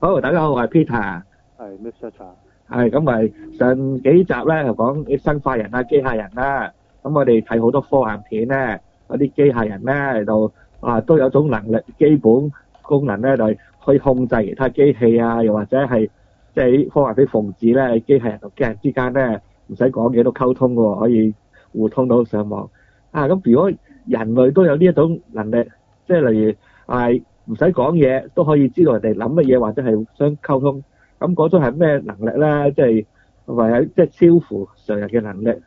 好，大家好，我係 Peter。係，Mr. Peter。係，咁咪上幾集咧就講生化人啦、機械人啦。咁我哋睇好多科幻片咧，嗰啲機械人咧就啊都有種能力，基本功能咧就可以控制其他機器啊，又或者係即係科幻片縫製咧，機械人同機械之間咧唔使講嘢都溝通嘅，可以互通到上網。啊，咁如果人類都有呢一種能力，即係例如係。唔使講嘢都可以知道人哋諗乜嘢或者係互相溝通，咁嗰種係咩能力咧？即係或者即係超乎常人嘅能力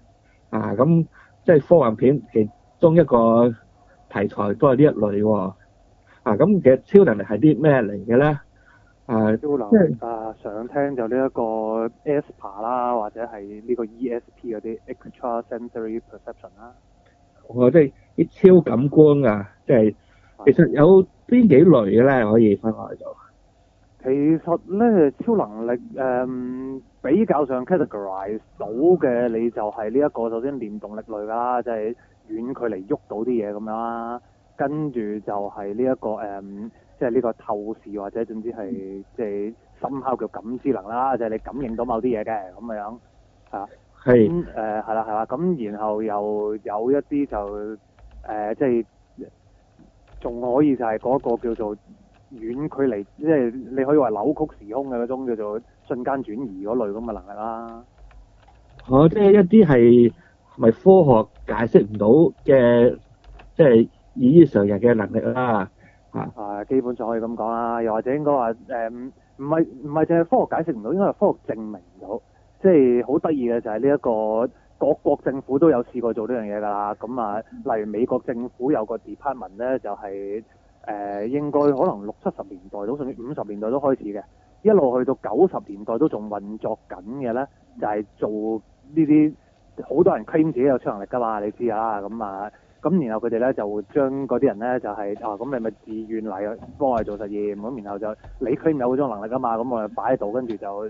啊！咁即係科幻片其中一個題材都係呢一類。啊，咁其實超能力係啲咩嚟嘅咧？啊，超能啊！想聽就呢一個 ESP 啦，或者係呢個 ESP 嗰啲 Extra Sensory Perception 啦。哦，即係啲超感官啊！即係其實有。邊幾類嘅咧可以分下嚟到？其實咧超能力誒、嗯，比較上 categorize 到嘅，你就係呢一個首先念動力類啦，即係遠距離喐到啲嘢咁樣啦。跟住就係呢一個誒，即係呢個透視或者總之係即係深敲嘅感知能啦，即、就、係、是、你感應到某啲嘢嘅咁樣。係啊。係、嗯。誒係啦係啦，咁然後又有一啲就誒即係。呃就是仲可以就係嗰個叫做遠距離，即係你可以話扭曲時空嘅嗰種叫做瞬間轉移嗰類咁嘅能力啦。哦、啊，即係一啲係咪科學解釋唔到嘅，即係異於常人嘅能力啦。啊，基本上可以咁講啦。又或者應該話誒，唔唔係唔係淨係科學解釋唔到，應該係科學證明唔到。即係好得意嘅就係呢一個。各國政府都有試過做呢樣嘢㗎啦，咁啊，例如美國政府有個 department 咧，就係、是、誒、呃、應該可能六七十年代到甚至五十年代都開始嘅，一路去到九十年代都仲運作緊嘅咧，就係、是、做呢啲好多人 claim 自己有超能力㗎嘛，你知那啊。咁、就是、啊，咁然後佢哋咧就將嗰啲人咧就係啊，咁你咪自願嚟幫我哋做實驗，咁然後就你 claim 有嗰種能力㗎嘛，咁我哋擺喺度，跟住就。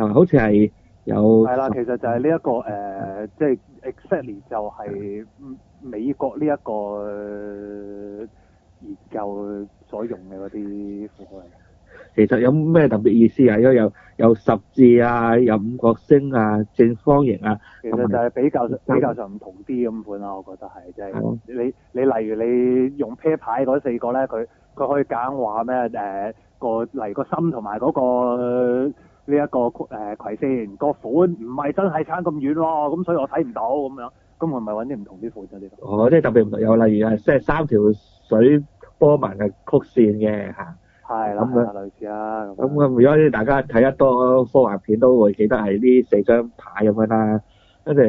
啊，好似係有係啦，其實就係呢一個誒，即係 exactly 就係美國呢一個研究所用嘅嗰啲符號。其實有咩特別意思啊？因為有有十字啊，有五角星啊，正方形啊。其實就係比較比較上唔同啲咁款啦，我覺得係就係你你例如你用啤牌嗰四個咧，佢佢可以揀話咩誒個嚟個心同埋嗰個。呢一個誒曲線個款唔係真係差咁遠咯，咁所以我睇唔到咁樣，咁我咪揾啲唔同啲款嗰啲咯。哦，即係特別唔同，有例如係即係三條水波紋嘅曲線嘅嚇。係，咁樣類似啦。咁咁，如果啲大家睇得多科幻片，都會記得係呢四張牌咁樣啦。跟住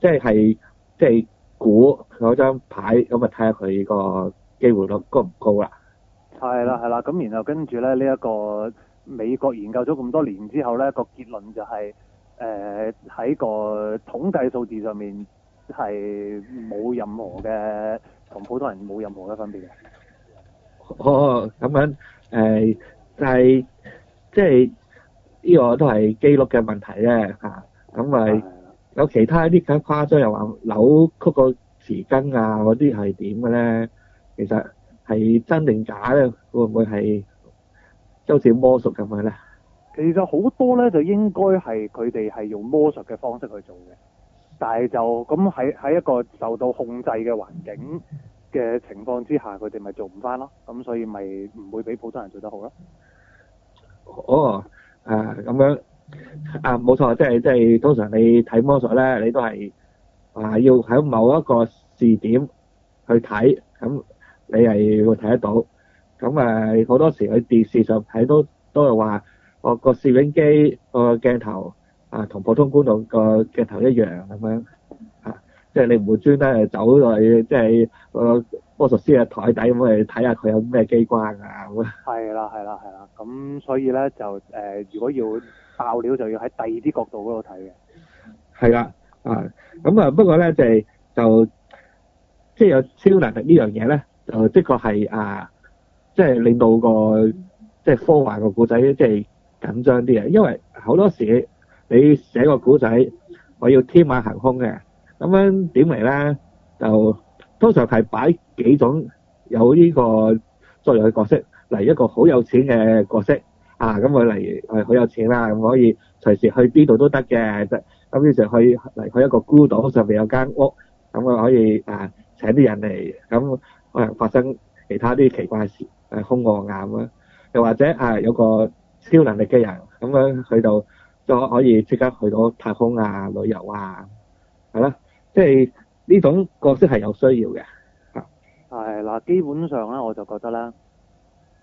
即係即係估嗰張牌，咁啊睇下佢個機會率高唔高啦。係啦係啦，咁然後跟住咧呢一個。美國研究咗咁多年之後咧，個結論就係誒喺個統計數字上面係冇任何嘅，同普通人冇任何嘅分別嘅。咁、哦、樣誒、呃，就係即係呢個都係記錄嘅問題咧嚇。咁、啊、咪有其他一啲咁誇張，又話扭曲個匙羹啊嗰啲係點嘅咧？其實係真定假咧？會唔會係？就似魔術咁樣咧？其實好多咧，就應該係佢哋係用魔術嘅方式去做嘅。但係就咁喺喺一個受到控制嘅環境嘅情況之下，佢哋咪做唔翻咯。咁所以咪唔會畀普通人做得好咯。哦，啊咁樣啊，冇錯，即係即係通常你睇魔術咧，你都係啊要喺某一個視點去睇，咁你係會睇得到。咁誒好多時喺電視上睇都，都係話，哦，個攝影機個鏡頭啊，同普通觀眾個鏡頭一樣咁樣嚇，即係你唔會專登嚟走落去，即係個魔術師嘅台底咁去睇下佢有啲咩機關啊咁。係啦，係啦，係啦，咁所以咧就誒，如果要爆料，就要喺第二啲角度嗰度睇嘅。係啦，啊，咁啊不過咧就係就即係有超能力呢樣嘢咧，就的確係啊～即係令到個即係科幻個故仔咧，即係緊張啲啊！因為好多時你寫個故仔，我要天馬行空嘅咁樣點嚟咧，就通常係擺幾種有呢個作用嘅角色，例如一個好有錢嘅角色啊，咁佢嚟係好有錢啦，咁可以隨時去邊度都得嘅，就咁於是去嚟去一個孤島上邊有間屋，咁佢可以啊請啲人嚟，咁可能發生其他啲奇怪嘅事。係空降眼啊，又或者係有個超能力嘅人咁樣去到就可以即刻去到太空啊，旅遊啊，係啦，即係呢種角色係有需要嘅啊。係嗱，基本上咧，我就覺得啦，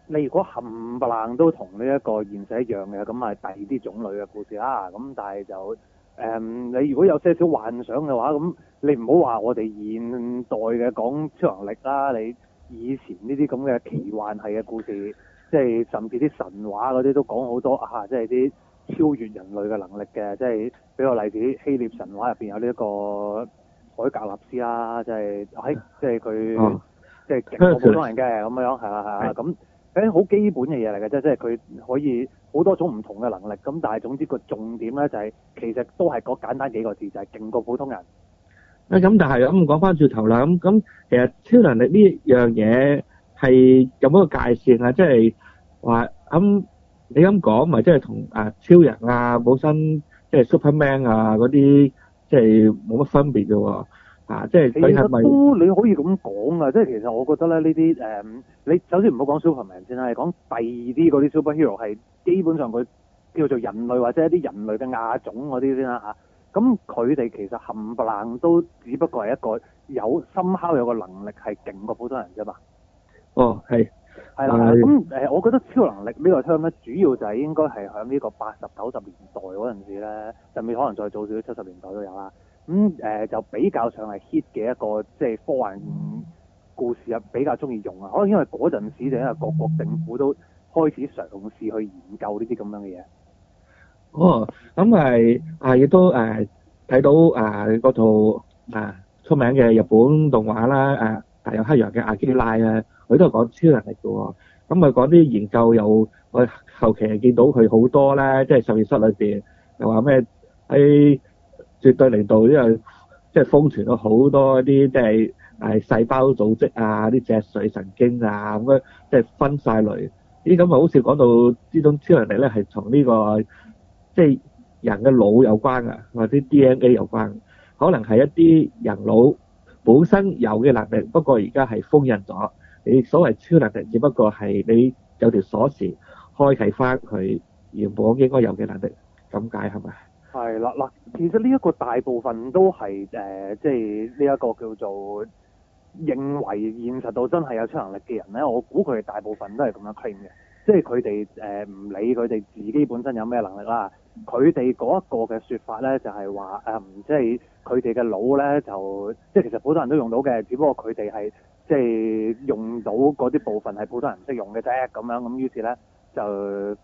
你如果冚唪唥都同呢一個現實一樣嘅，咁係第二啲種類嘅故事啦。咁但係就誒，你如果有些少幻想嘅話，咁你唔好話我哋現代嘅講超能力啦，你。以前呢啲咁嘅奇幻系嘅故事，即係甚至啲神話嗰啲都講好多啊！即係啲超越人類嘅能力嘅，即係比較例如啲希臘神話入邊有呢一個海格拉斯啦、啊，即係喺、啊、即係佢即係勁過普通人嘅咁樣係啦係啊。咁係啲好基本嘅嘢嚟嘅啫，即係佢可以好多種唔同嘅能力，咁但係總之個重點咧就係、是、其實都係個簡單幾個字，就係勁過普通人。啊咁，但係咁講翻轉頭啦，咁咁其實超能力呢樣嘢係有一個界線啊，即係話咁你咁講，咪即係同啊超人啊、武僧即係 Superman 啊嗰啲，即係冇乜分別嘅喎，啊即係其實都你可以咁講啊，即係其實我覺得咧呢啲誒，你首先唔好講 Superman 先啦，係講第二啲嗰啲 Superhero 係基本上佢叫做人類或者一啲人類嘅亞種嗰啲先啦嚇。咁佢哋其實冚唪唥都只不過係一個有深刻有個能力係勁過普通人啫嘛。哦，係，係啦。咁、呃、我覺得超能力呢個 theme 咧，主要就係應該係喺呢個八十九十年代嗰陣時咧，甚至可能再早少少七十年代都有啦。咁、嗯呃、就比較上係 hit 嘅一個即係、就是、科幻故事啊，比較中意用啊。可能因為嗰陣時就因為各國政府都開始嘗試去研究呢啲咁樣嘅嘢。哦，咁係啊，亦都誒睇、呃、到啊嗰套啊出名嘅日本動畫啦，誒大友克洋嘅阿基拉啊，佢都係講超能力嘅喎。咁、嗯、佢講啲研究又，我後期見到佢好多咧、就是欸就是，即係實驗室裏面，又話咩喺絕對零度，因為即係封存咗好多啲即係細胞組織啊，啲脊髓神經啊咁樣，即、就、係、是、分晒類。咦、嗯，咁、嗯、啊，好似講到呢種超能力咧，係從呢、這個。即係人嘅腦有關啊，或者 DNA 有關，可能係一啲人腦本身有嘅能力，不過而家係封印咗。你所謂超能力，只不過係你有條鎖匙，開啟翻佢原本應該有嘅能力，咁解係咪？係啦，嗱，其實呢一個大部分都係誒，即係呢一個叫做認為現實度真係有超能力嘅人咧，我估佢哋大部分都係咁樣 claim 嘅，即係佢哋誒唔理佢哋自己本身有咩能力啦。佢哋嗰一個嘅說法咧，就係話誒，即係佢哋嘅腦咧，就即係其實普通人都用到嘅，只不過佢哋係即係用到嗰啲部分係普通人唔識用嘅啫，咁樣咁於是咧就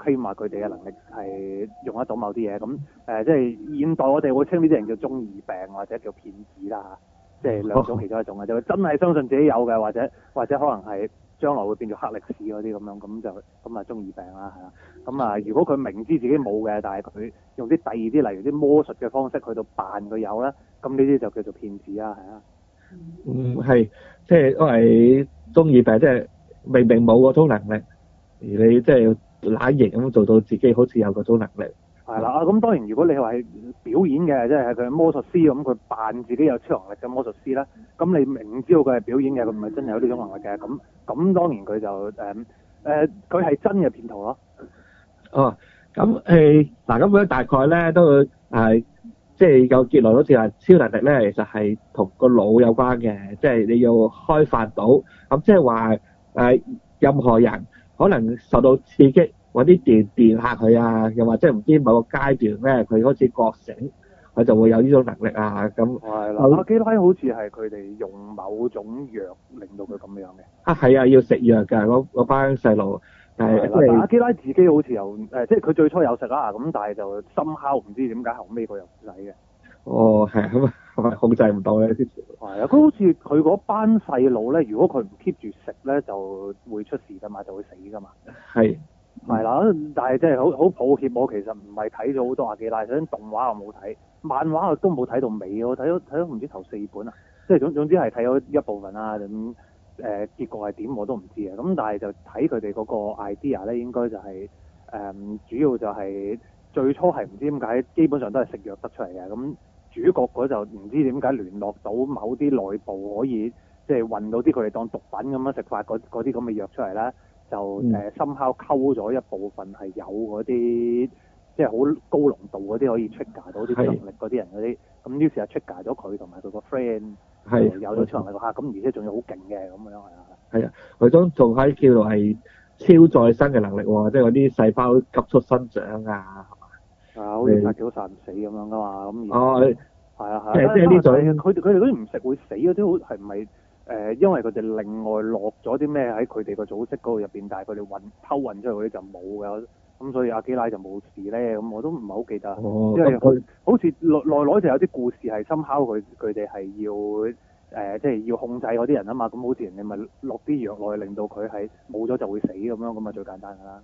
claim 話佢哋嘅能力係用得到某啲嘢，咁、嗯呃、即係現代我哋會稱呢啲人叫中二病或者叫騙子啦，即係兩種其中一種嘅，oh. 就真係相信自己有嘅，或者或者可能係。將來會變做黑歷史嗰啲咁樣，咁就咁啊中二病啦，係啊。咁啊，如果佢明知自己冇嘅，但係佢用啲第二啲，例如啲魔術嘅方式去到扮佢有啦。咁呢啲就叫做騙子啊，係啊。嗯，係，即係因為中二病，即係明明冇嗰種能力，而你即係要乸型咁做到自己好似有嗰種能力。係啦，咁當然如果你話係表演嘅，即係佢係魔術師咁，佢扮自己有超能力嘅魔術師啦。咁你明知道佢係表演嘅，佢唔係真係有呢種能力嘅。咁咁當然佢就誒誒佢係真嘅騙徒咯。哦，咁誒嗱，咁、欸、樣大概咧都係即係有結論，好似話超能力咧，其實係同個腦有關嘅，即、就、係、係、你要開發到。咁即係話誒任何人可能受到刺激。嗰啲電電嚇佢啊，又或者唔知某個階段呢，佢好似覺醒，佢就會有呢種能力啊。咁阿、啊、基拉好似係佢哋用某種藥令到佢咁樣嘅。啊，係啊，要食藥㗎，嗰班細路阿基拉自己好似又、啊、即係佢最初有食啊，咁但係就 somehow 唔知點解後尾佢又唔使嘅。哦，係咁啊，控制唔到咧啲。係啊，佢好似佢嗰班細路咧，如果佢唔 keep 住食咧，就會出事㗎嘛，就會死㗎嘛。係。係、嗯、啦，但係真係好好抱歉，我其實唔係睇咗好多阿基拉，首先動畫我冇睇，漫畫我都冇睇到尾，我睇咗睇咗唔知頭四本啊，即係總，總之係睇咗一部分啦。咁、嗯、誒、呃、結果係點我都唔知啊。咁、嗯、但係就睇佢哋嗰個 idea 咧，應該就係、是、誒、呃、主要就係最初係唔知點解基本上都係食藥得出嚟嘅。咁、嗯嗯、主角嗰就唔知點解聯絡到某啲內部可以即係運到啲佢哋當毒品咁樣食法嗰嗰啲咁嘅藥出嚟啦。就誒深烤溝咗一部分，係有嗰啲即係好高濃度嗰啲，可以出芽到啲能力嗰啲人嗰啲。咁於是啊，出芽咗佢同埋佢個 friend 係有咗能力嚇，咁、嗯啊、而且仲要好勁嘅咁樣係啊，係啊，佢種仲喺叫做係超再生嘅能力喎，即係嗰啲細胞急速生長啊，係啊，好似殺唔死咁樣㗎嘛，咁哦係啊係啊，啊，啊、嗯、啊，即係即係啲佢佢哋嗰啲唔食會死嗰啲好係唔係？誒、呃，因為佢哋另外落咗啲咩喺佢哋個組織嗰度入邊，但係佢哋運偷運出去嗰啲就冇嘅，咁、嗯、所以阿基拉就冇事咧。咁、嗯、我都唔係好記得、哦，因為佢好似內內就有啲故事係深敲佢佢哋係要誒，即、呃、係、就是、要控制嗰啲人啊嘛。咁、嗯、好似你咪落啲藥落去，令到佢係冇咗就會死咁樣，咁咪最簡單噶啦。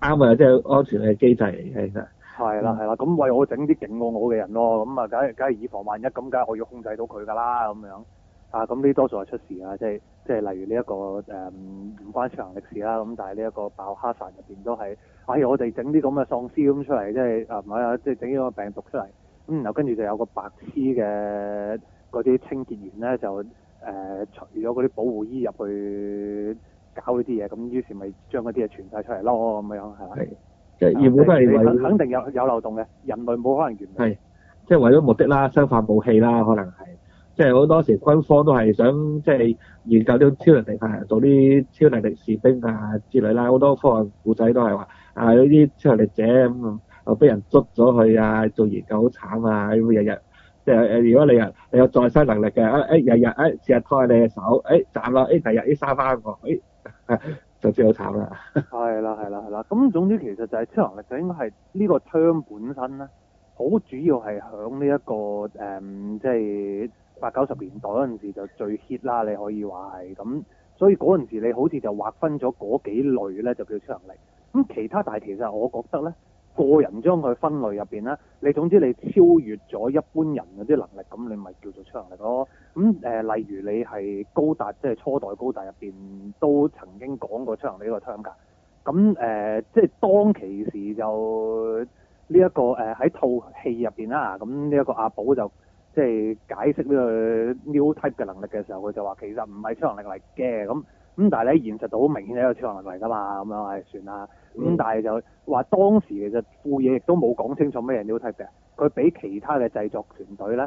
啱啊，即、就、係、是、安全嘅機制嚟嘅，其實係啦係啦。咁、嗯嗯、為我整啲勁過我嘅人咯，咁啊，梗係梗係以防萬一，咁梗係我要控制到佢噶啦，咁樣。啊，咁呢多數係出事、這個嗯哎、出啊，即係即係例如呢一個誒唔關關超能力啦，咁但係呢一個爆蝦飯入面都係，哎呀我哋整啲咁嘅喪屍咁出嚟，即係啊唔係啊，即係整咗個病毒出嚟，咁然後跟住就有個白痴嘅嗰啲清潔員咧就誒、呃、除咗嗰啲保護衣入去搞呢啲嘢，咁於是咪將嗰啲嘢傳晒出嚟咯，咁樣係嘛？係，即係業都係，肯定有有漏洞嘅，人類冇可能完美。即係、就是、為咗目的啦，相反武器啦，可能係即係好多時軍方都係想即係研究啲超能力啊，做啲超能力士兵啊之類啦。好多科幻故仔都係話啊，有啲超能力者咁啊，俾人捉咗去啊，做研究好慘啊咁樣，日日即係誒，如果你有有再生能力嘅，誒誒日日誒成日拖下你隻手，誒斬落，誒第日又生翻喎，誒就知好慘啦。係啦係啦係啦，咁總之其實就係超能力者應該係呢個槍本身啦，好主要係響呢一個誒，即係。八九十年代嗰陣時就最 hit 啦，你可以話係咁，所以嗰陣時你好似就劃分咗嗰幾類咧就叫出能力，咁其他但係其實我覺得咧，個人將佢分類入面咧，你總之你超越咗一般人嗰啲能力，咁你咪叫做出能力咯。咁、呃、例如你係高達，即、就、係、是、初代高達入面都曾經講過出能力呢個 t e 咁即係當其時就呢一、這個喺套戲入面啦，咁呢一個阿寶就。即係解釋呢個 new type 嘅能力嘅時候，佢就話其實唔係超能力嚟嘅咁咁，但係咧現實度好明顯係一個超能力嚟噶嘛咁樣係算啦。咁、嗯、但係就話當時其實副嘢亦都冇講清楚咩 new type 嘅，佢俾其他嘅製作團隊咧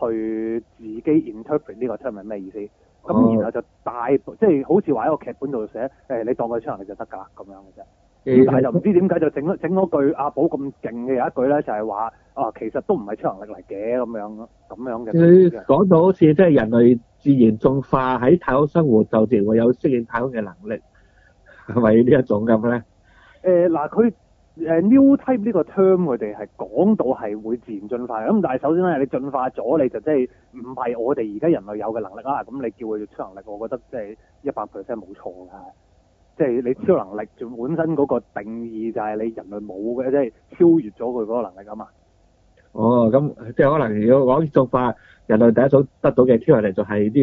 去自己 interpret 呢個 term 係咩意思，咁、嗯、然後就大即係、就是、好似話喺個劇本度寫、哎、你當佢超能力就得㗎咁樣嘅啫。但係就唔知點解就整咗整句阿寶咁勁嘅，有一句咧就係話啊，其實都唔係超能力嚟嘅咁樣咁樣嘅。講講到好似即係人類自然進化喺太空生活就自然會有適應太空嘅能力，係咪呢一種咁咧？誒嗱佢 new type 呢個 term 佢哋係講到係會自然進化咁，但係首先咧你進化咗你就即係唔係我哋而家人類有嘅能力啊？咁你叫佢超能力，我覺得即係一百 percent 冇錯即係你超能力就本身嗰個定義就係你人類冇嘅，即、就、係、是、超越咗佢嗰個能力㗎嘛、嗯。哦，咁即係可能如果講俗法，人類第一組得到嘅超能力就係呢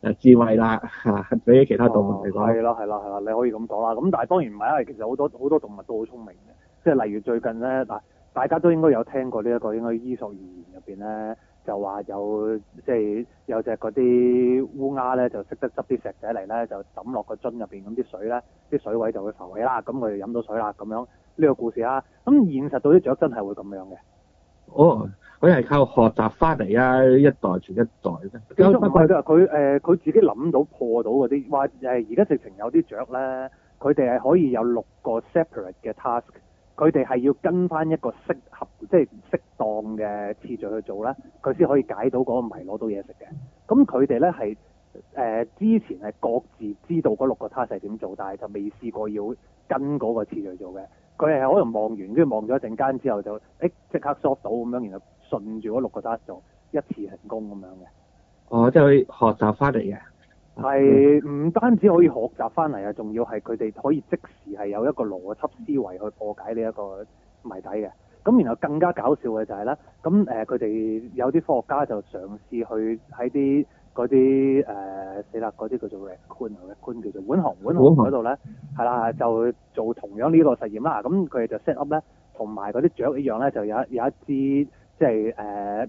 個智慧啦嚇、啊，比起其他動物嚟講。係、哦、啦，係啦，啦，你可以咁講啦。咁但係當然唔係，因為其實好多好多動物都好聰明嘅。即係例如最近咧嗱，大家都應該有聽過呢、這、一個，應該伊索寓言入邊咧。就話有即係、就是、有隻嗰啲烏鴉咧，就識得執啲石仔嚟咧，就抌落個樽入面。咁啲水咧，啲水位就會浮起啦，咁佢哋飲到水啦，咁樣呢、呢個故事啦、啊。咁現實到啲雀真係會咁樣嘅。哦，佢係靠學習翻嚟啊，一代傳一代咧。佢佢佢自己諗到破到嗰啲，話而家直情有啲雀咧，佢哋係可以有六個 separate 嘅 task。佢哋係要跟翻一個適合即係適當嘅次序去做咧，佢先可以解到嗰個謎攞到嘢食嘅。咁佢哋咧係誒之前係各自知道嗰六個 task 係點做，但係就未試過要跟嗰個次序做嘅。佢係可能望完跟住望咗一陣間之後就即刻 short 到咁樣，然後順住嗰六個 task 做一次成功咁樣嘅。哦，即係去學習翻嚟嘅。係唔單止可以學習翻嚟啊，仲要係佢哋可以即時係有一個邏輯思維去破解呢一個謎底嘅。咁然後更加搞笑嘅就係、是、咧，咁佢哋有啲科學家就嘗試去喺啲嗰啲誒死啦嗰啲叫做 Raccoon，Raccoon 叫做浣熊浣熊嗰度咧，係啦就做同樣呢個實驗啦。咁佢哋就 set up 咧，同埋嗰啲雀一樣咧，就有一有一支即係誒、呃、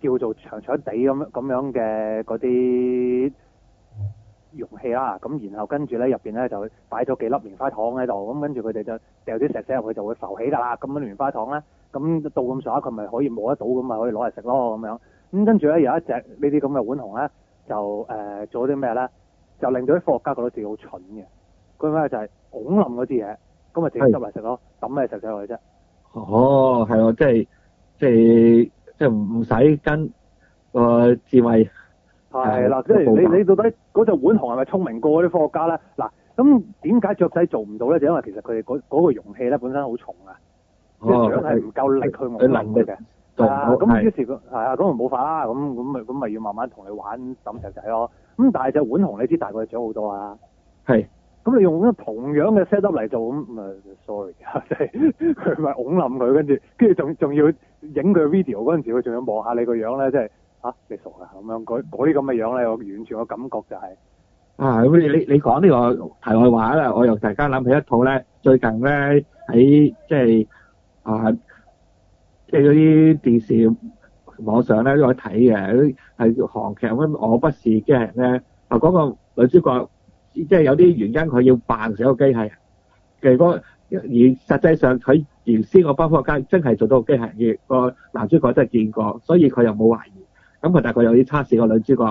叫做長長哋咁咁樣嘅嗰啲。容器啦，咁然後跟住咧入邊咧就擺咗幾粒棉花糖喺度，咁跟住佢哋就掉啲石仔入去就會浮起㗎啦，咁樣棉花糖咧，咁到咁上下佢咪可以摸得到，咁咪可以攞嚟食咯咁樣。咁跟住咧有一隻呢啲咁嘅浣熊咧，就誒、呃、做啲咩咧？就令到啲科學家覺得自己好蠢嘅，佢咩就係拱冧嗰啲嘢，咁咪直接執嚟食咯，抌咩石仔落去啫？哦，係啊，即係即係即係唔唔使跟個、呃、智慧。係啦，即係、就是、你、那個、你到底嗰隻浣熊係咪聰明過啲科學家咧？嗱、啊，咁點解雀仔做唔到咧？就因為其實佢哋嗰個、那個容器咧本身好重啊，隻掌係唔夠力去握嘅。咁於是佢係啊，咁冇法啦。咁咁咪咁咪要慢慢同你玩抌石仔咯。咁大隻浣熊你知大過你掌好多啊。係。咁你用同樣嘅 set up 嚟做，咁，咪、嗯、sorry，即係佢咪拱冧佢，跟住跟住仲仲要影佢 video 嗰陣時，佢仲要望下你個樣咧，即、就、係、是。嚇、啊！你傻噶咁樣嗰啲咁嘅樣咧，我完全我感覺就係、是、啊！咁你你你講呢個題外話咧，我又突然間諗起一套咧，最近咧喺即係啊，即係嗰啲電視網上咧都有睇嘅，係韓劇《咁我不是機械人》咧。啊，嗰個女主角即係有啲原因，佢要扮成個機器人。其實而以實際上，佢原先個包科家真係做到個機械人嘅個男主角真係見過，所以佢又冇懷疑。咁佢大概又要測試個女主角、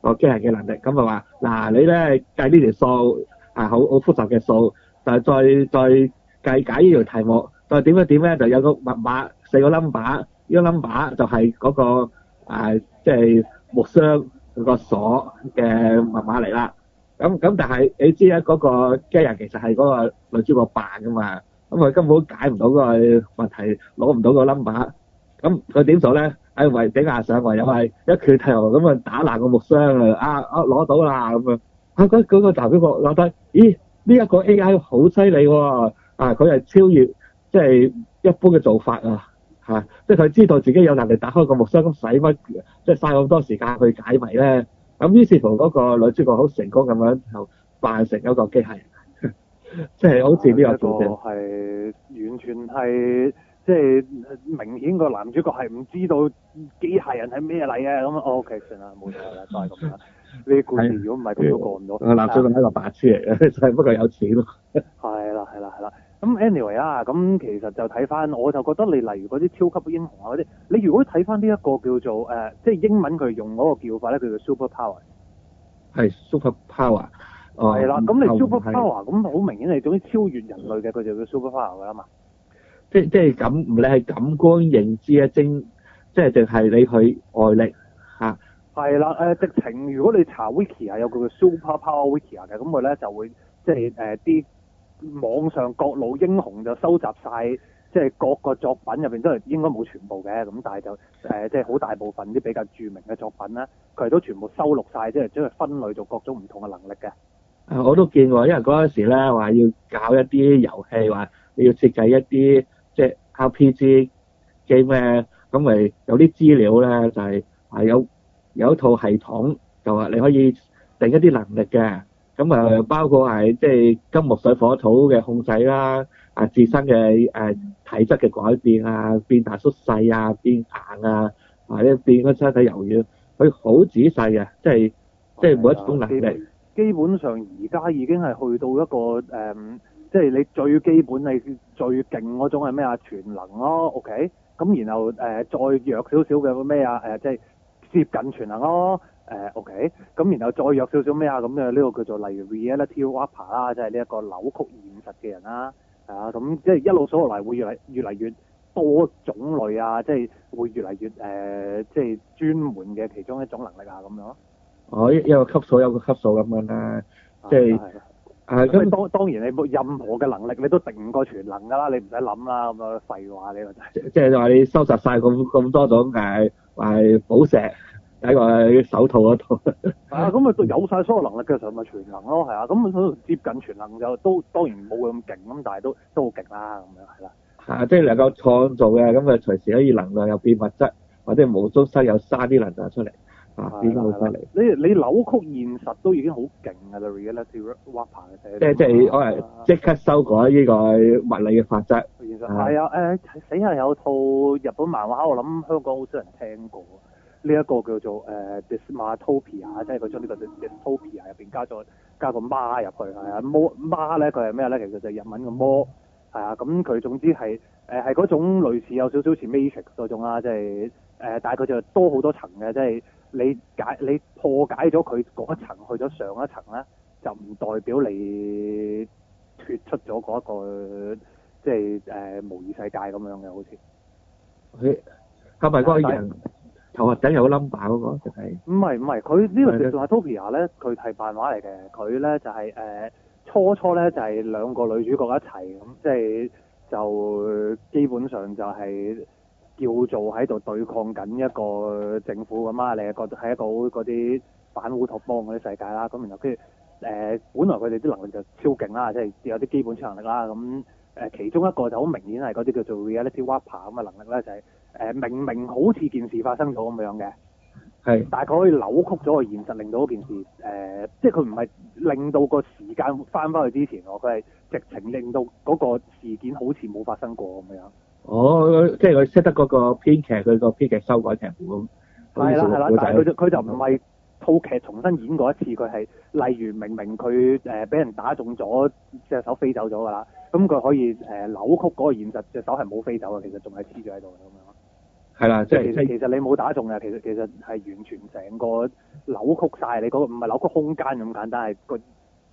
嗰個機械嘅能力，咁佢話嗱，你咧計呢條數，係、啊、好好複雜嘅數，就係再再，再計解呢條題目，再點一點咧，就有個密碼四個 number，呢、呢個 number 就係嗰、嗰個即係、啊就係、木箱、嗰個鎖嘅密碼嚟啦。咁咁，但係你知啦，嗰、嗰個機器其實係嗰個女主角扮㗎嘛，咁佢根本解唔到個問題，攞唔到個 number，咁佢點數咧？係、哎、為頂硬上，又係一拳頭咁樣打爛個木箱啊！啊，攞到啦咁樣啊！嗰、那、嗰個男主角覺得，咦，呢、這、一個 AI 好犀利喎！啊，佢係超越即係、就是、一般嘅做法啊！吓，即係佢知道自己有能力打開個木箱，咁使乜即係嘥咁多時間去解謎咧？咁、啊、於是乎嗰個女主角好成功咁樣就扮成一個機械人，即係、就是、好似呢一個係、啊這個、完全係。即係明顯個男主角係唔知道機械人係咩嚟嘅，咁 OK 算啦，冇錯啦，再係咁啦。呢 啲故事如果唔係佢都過唔到。男主角係個白痴嚟嘅，就係不過有錢咯。係啦，係啦，係啦。咁 anyway 啊，咁其實就睇翻，我就覺得你例如嗰啲超級英雄啊嗰啲，你如果睇翻呢一個叫做、呃、即係英文佢用嗰個叫法咧，佢叫 super power。係 super power。係、嗯、啦，咁、嗯嗯、你 super power 咁好明顯係總之超越人類嘅，佢就叫 super power 啦嘛。即即係感唔理係感官認知嘅精，即係定係你去外力係啦，誒、啊呃、直情如果你查 Wiki 啊，有個叫 Super Power Wiki 嘅。咁佢咧就會即係誒啲網上各路英雄就收集曬，即係各個作品入面都係應該冇全部嘅，咁但係就即係好大部分啲比較著名嘅作品啦，佢都全部收錄曬，即係將佢分類做各種唔同嘅能力嘅、啊。我都見過，因為嗰陣時咧話要搞一啲遊戲，話你要設計一啲。RPG 嘅？咩咁咪有啲資料咧，就係啊有有一套系統就話你可以定一啲能力嘅，咁啊包括係即係金木水火土嘅控制啦，啊自身嘅誒體質嘅改變啊，變大縮細啊，變硬啊，啊咧變個身體柔軟，佢好仔細嘅，即係即係每一種能力，基本上而家已經係去到一個誒。即係你最基本係最勁嗰種係咩啊？全能咯，OK。咁然後誒、呃、再弱少少嘅咩啊？即係接近全能咯、呃、OK。咁然後再弱少少咩啊？咁嘅呢個叫做例如 Reality Warper 啦，即係呢一個扭曲現實嘅人啦，係啊。咁即係一路數落嚟會越嚟越嚟越多種類啊！即係會越嚟越誒、呃、即係專門嘅其中一種能力啊咁樣咯。哦、啊，有一個級數有一個級數咁樣啦、啊，即係、啊，咁、嗯、當然你冇任何嘅能力，你都定唔過全能噶啦，你唔使諗啦咁樣廢話，就是、說你真即係話你收集晒咁咁多種嘅，話係寶石，第個手套嗰套。啊，咁、嗯、 啊有晒所有能力嘅時候咪全能咯，係啊，咁、嗯、接近全能就都當然冇咁勁咁，但係都都好勁啦，咁係啦。啊，即、就、係、是、能夠創造嘅，咁啊隨時可以能量又變物質，或者冇中生有沙啲能量出嚟。好犀利，你你扭曲現實都已經好勁噶啦 Reality Warping 即即係我係即刻修改呢個物理嘅法則。係啊，誒死下有套日本漫畫，我諗香港好少人聽過。呢、這、一個叫做、呃、Dismatopia 即係佢將呢個《Dismatopia》入邊加咗加個媽入去，啊，魔媽咧佢係咩咧？其實就日文嘅魔係啊，咁佢、嗯、總之係係嗰種類似有少少似 Matrix 嗰種啊，即係大概就多好多層嘅，即係。你解你破解咗佢嗰一層，去咗上一層咧，就唔代表你脫出咗嗰一個即係誒、呃、模擬世界咁樣嘅，好似佢加埋嗰個人頭殼頂有個 number 嗰個，係、就是。唔係唔係，佢呢個就係 Topia 咧，佢係漫畫嚟嘅。佢咧就係、是、誒、呃、初初咧就係、是、兩個女主角一齊咁，即係就基本上就係、是。叫做喺度對抗緊一個政府咁啊！你係覺得係一個好嗰啲反烏托邦嗰啲世界啦。咁然後跟住誒，本來佢哋啲能力就超勁啦，即係有啲基本超能力啦。咁誒、呃，其中一個就好明顯係嗰啲叫做 reality warper 咁嘅能力咧，就係、是、誒、呃，明明好似件事發生咗咁樣嘅，係大概可以扭曲咗個現實，令到嗰件事誒、呃，即係佢唔係令到個時間翻返回去之前，佢係直情令到嗰個事件好似冇發生過咁樣。哦，即係佢識得嗰個編劇，佢個編劇修改劇本。係啦係啦，但係佢就佢就唔係套劇重新演過一次，佢係例如明明佢誒俾人打中咗隻手飛走咗㗎啦，咁佢可以誒、呃、扭曲嗰個現實，隻手係冇飛走嘅，其實仲係黐住喺度嘅咁樣。係啦，即、就、係、是其，就是、其實你冇打中啊，其實其實係完全成個扭曲晒你嗰、那個，唔係扭曲空間咁簡單，係個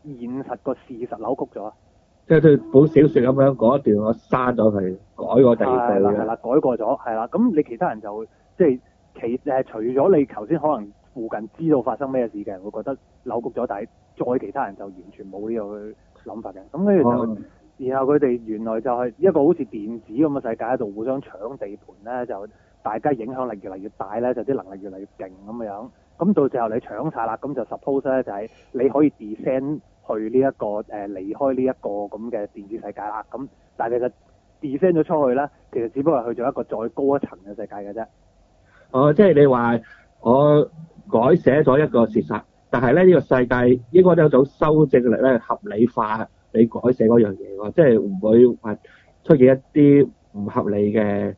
現實個事實扭曲咗。即係佢本小説咁樣嗰一段，我刪咗佢，改過第二段，係啦，係啦，改過咗，係啦。咁你其他人就即係其誒除咗你頭先可能附近知道發生咩事嘅人，會覺得扭曲咗底。但再其他人就完全冇呢個諗法嘅。咁跟住就、哦，然後佢哋原來就係一個好似電子咁嘅世界喺度、嗯、互相搶地盤咧，就大家影響力越嚟越大咧，就啲能力越嚟越勁咁樣。咁到最後你搶晒啦，咁就 suppose 咧就係、是、你可以 descend。去呢、呢、一個誒離開呢一個咁嘅電子世界啦，咁但係其實 design 咗出去咧，其實只不過係去咗一個再高一層嘅世界嘅啫。哦，即係你話我改寫咗一個事實，但係咧呢、呢個世界應該都有種修正力咧，合理化你改寫嗰樣嘢喎、哦，即係唔會話出現一啲唔合理嘅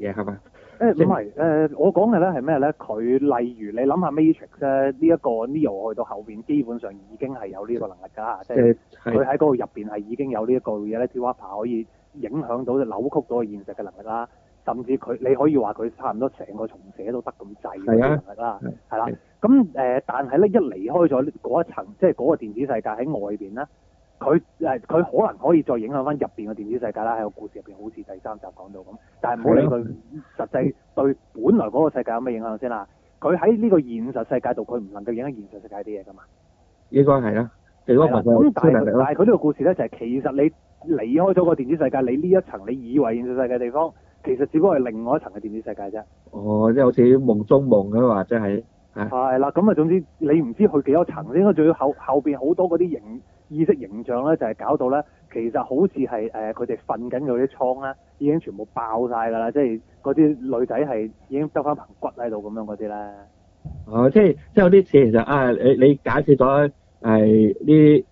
嘢係咪？是誒唔係誒，我講嘅咧係咩咧？佢例如你諗下 Matrix 咧呢一個 Neo 去到後邊，基本上已經係有呢個能力㗎、呃，即係佢喺嗰個入邊係已經有呢、這、一個嘢咧 Teleport 可以影響到扭曲到個現實嘅能力啦，甚至佢你可以話佢差唔多成個重寫都得咁滯嘅能力啦，係啦、啊。咁誒、嗯，但係咧一離開咗嗰一層，即係嗰個電子世界喺外邊咧。佢佢可能可以再影響翻入面嘅電子世界啦，喺個故事入面好似第三集講到咁，但係唔好理佢實際對本來嗰個世界有咩影響先啦。佢喺呢個現實世界度，佢唔能夠影響現實世界啲嘢噶嘛。應該係啦，幾多個超能力咯？但係佢呢個故事咧，就係其實你離開咗個電子世界，你呢一層你以為現實世界地方，其實只不過係另外一層嘅電子世界啫。哦，即係好似夢中夢咁或者係。係啦，咁啊，總之你唔知去幾多層先，仲要後後邊好多嗰啲形意識形象咧，就係搞到咧，其實好似係誒，佢哋瞓緊嗰啲倉咧，倉已經全部爆晒噶啦，即係嗰啲女仔係已經收翻棚骨喺度咁樣嗰啲咧。哦，即係即係有啲似，其實啊、哎，你你假設咗係啲，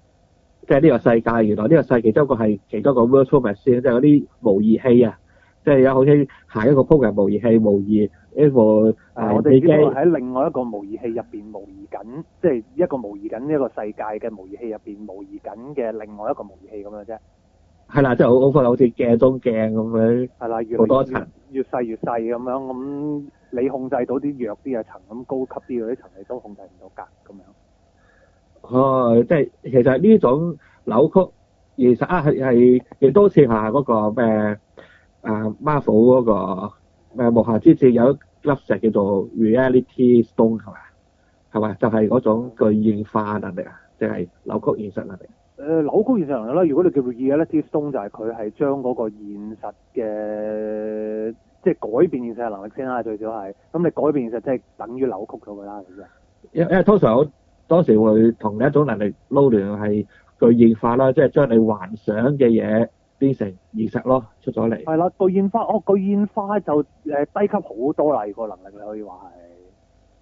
即係呢個世界原來呢個世界其中一個係其中一個 virtual machine，即係嗰啲模擬器啊。即係而家好似下一個 Pokemon 模擬器，模擬 Apple 啊，我哋喺喺另外一個模擬器入邊模擬緊，即係一個模擬緊呢一個世界嘅模擬器入邊模擬緊嘅另外一個模擬器咁樣啫。係啦，即係好似好似鏡中鏡咁樣。係啦，越嚟越多層，越細越細咁樣。咁你控制到啲弱啲嘅層，咁高級啲嗰啲層，你都控制唔到㗎。咁樣。啊，即係其實呢種扭曲，其實啊係係亦都似下嗰個誒。啊，Marvel 嗰個誒無限之戰有一粒石叫做 Reality Stone 係咪？係咪就係嗰種具現化能力啊，定係扭曲現實能力？誒，扭曲現實能力啦。如果你叫 Reality Stone，就係佢係將嗰個現實嘅即係改變現實嘅能力先啦，最少係。咁你改變現實即係等於扭曲咗佢啦，其實。因因為通常我當時會同另一種能力撈亂係具現化啦，即係將你幻想嘅嘢。變成現實咯，出咗嚟。係啦，個煙花哦！個煙花就誒低級好多啦，個能力你可以話係。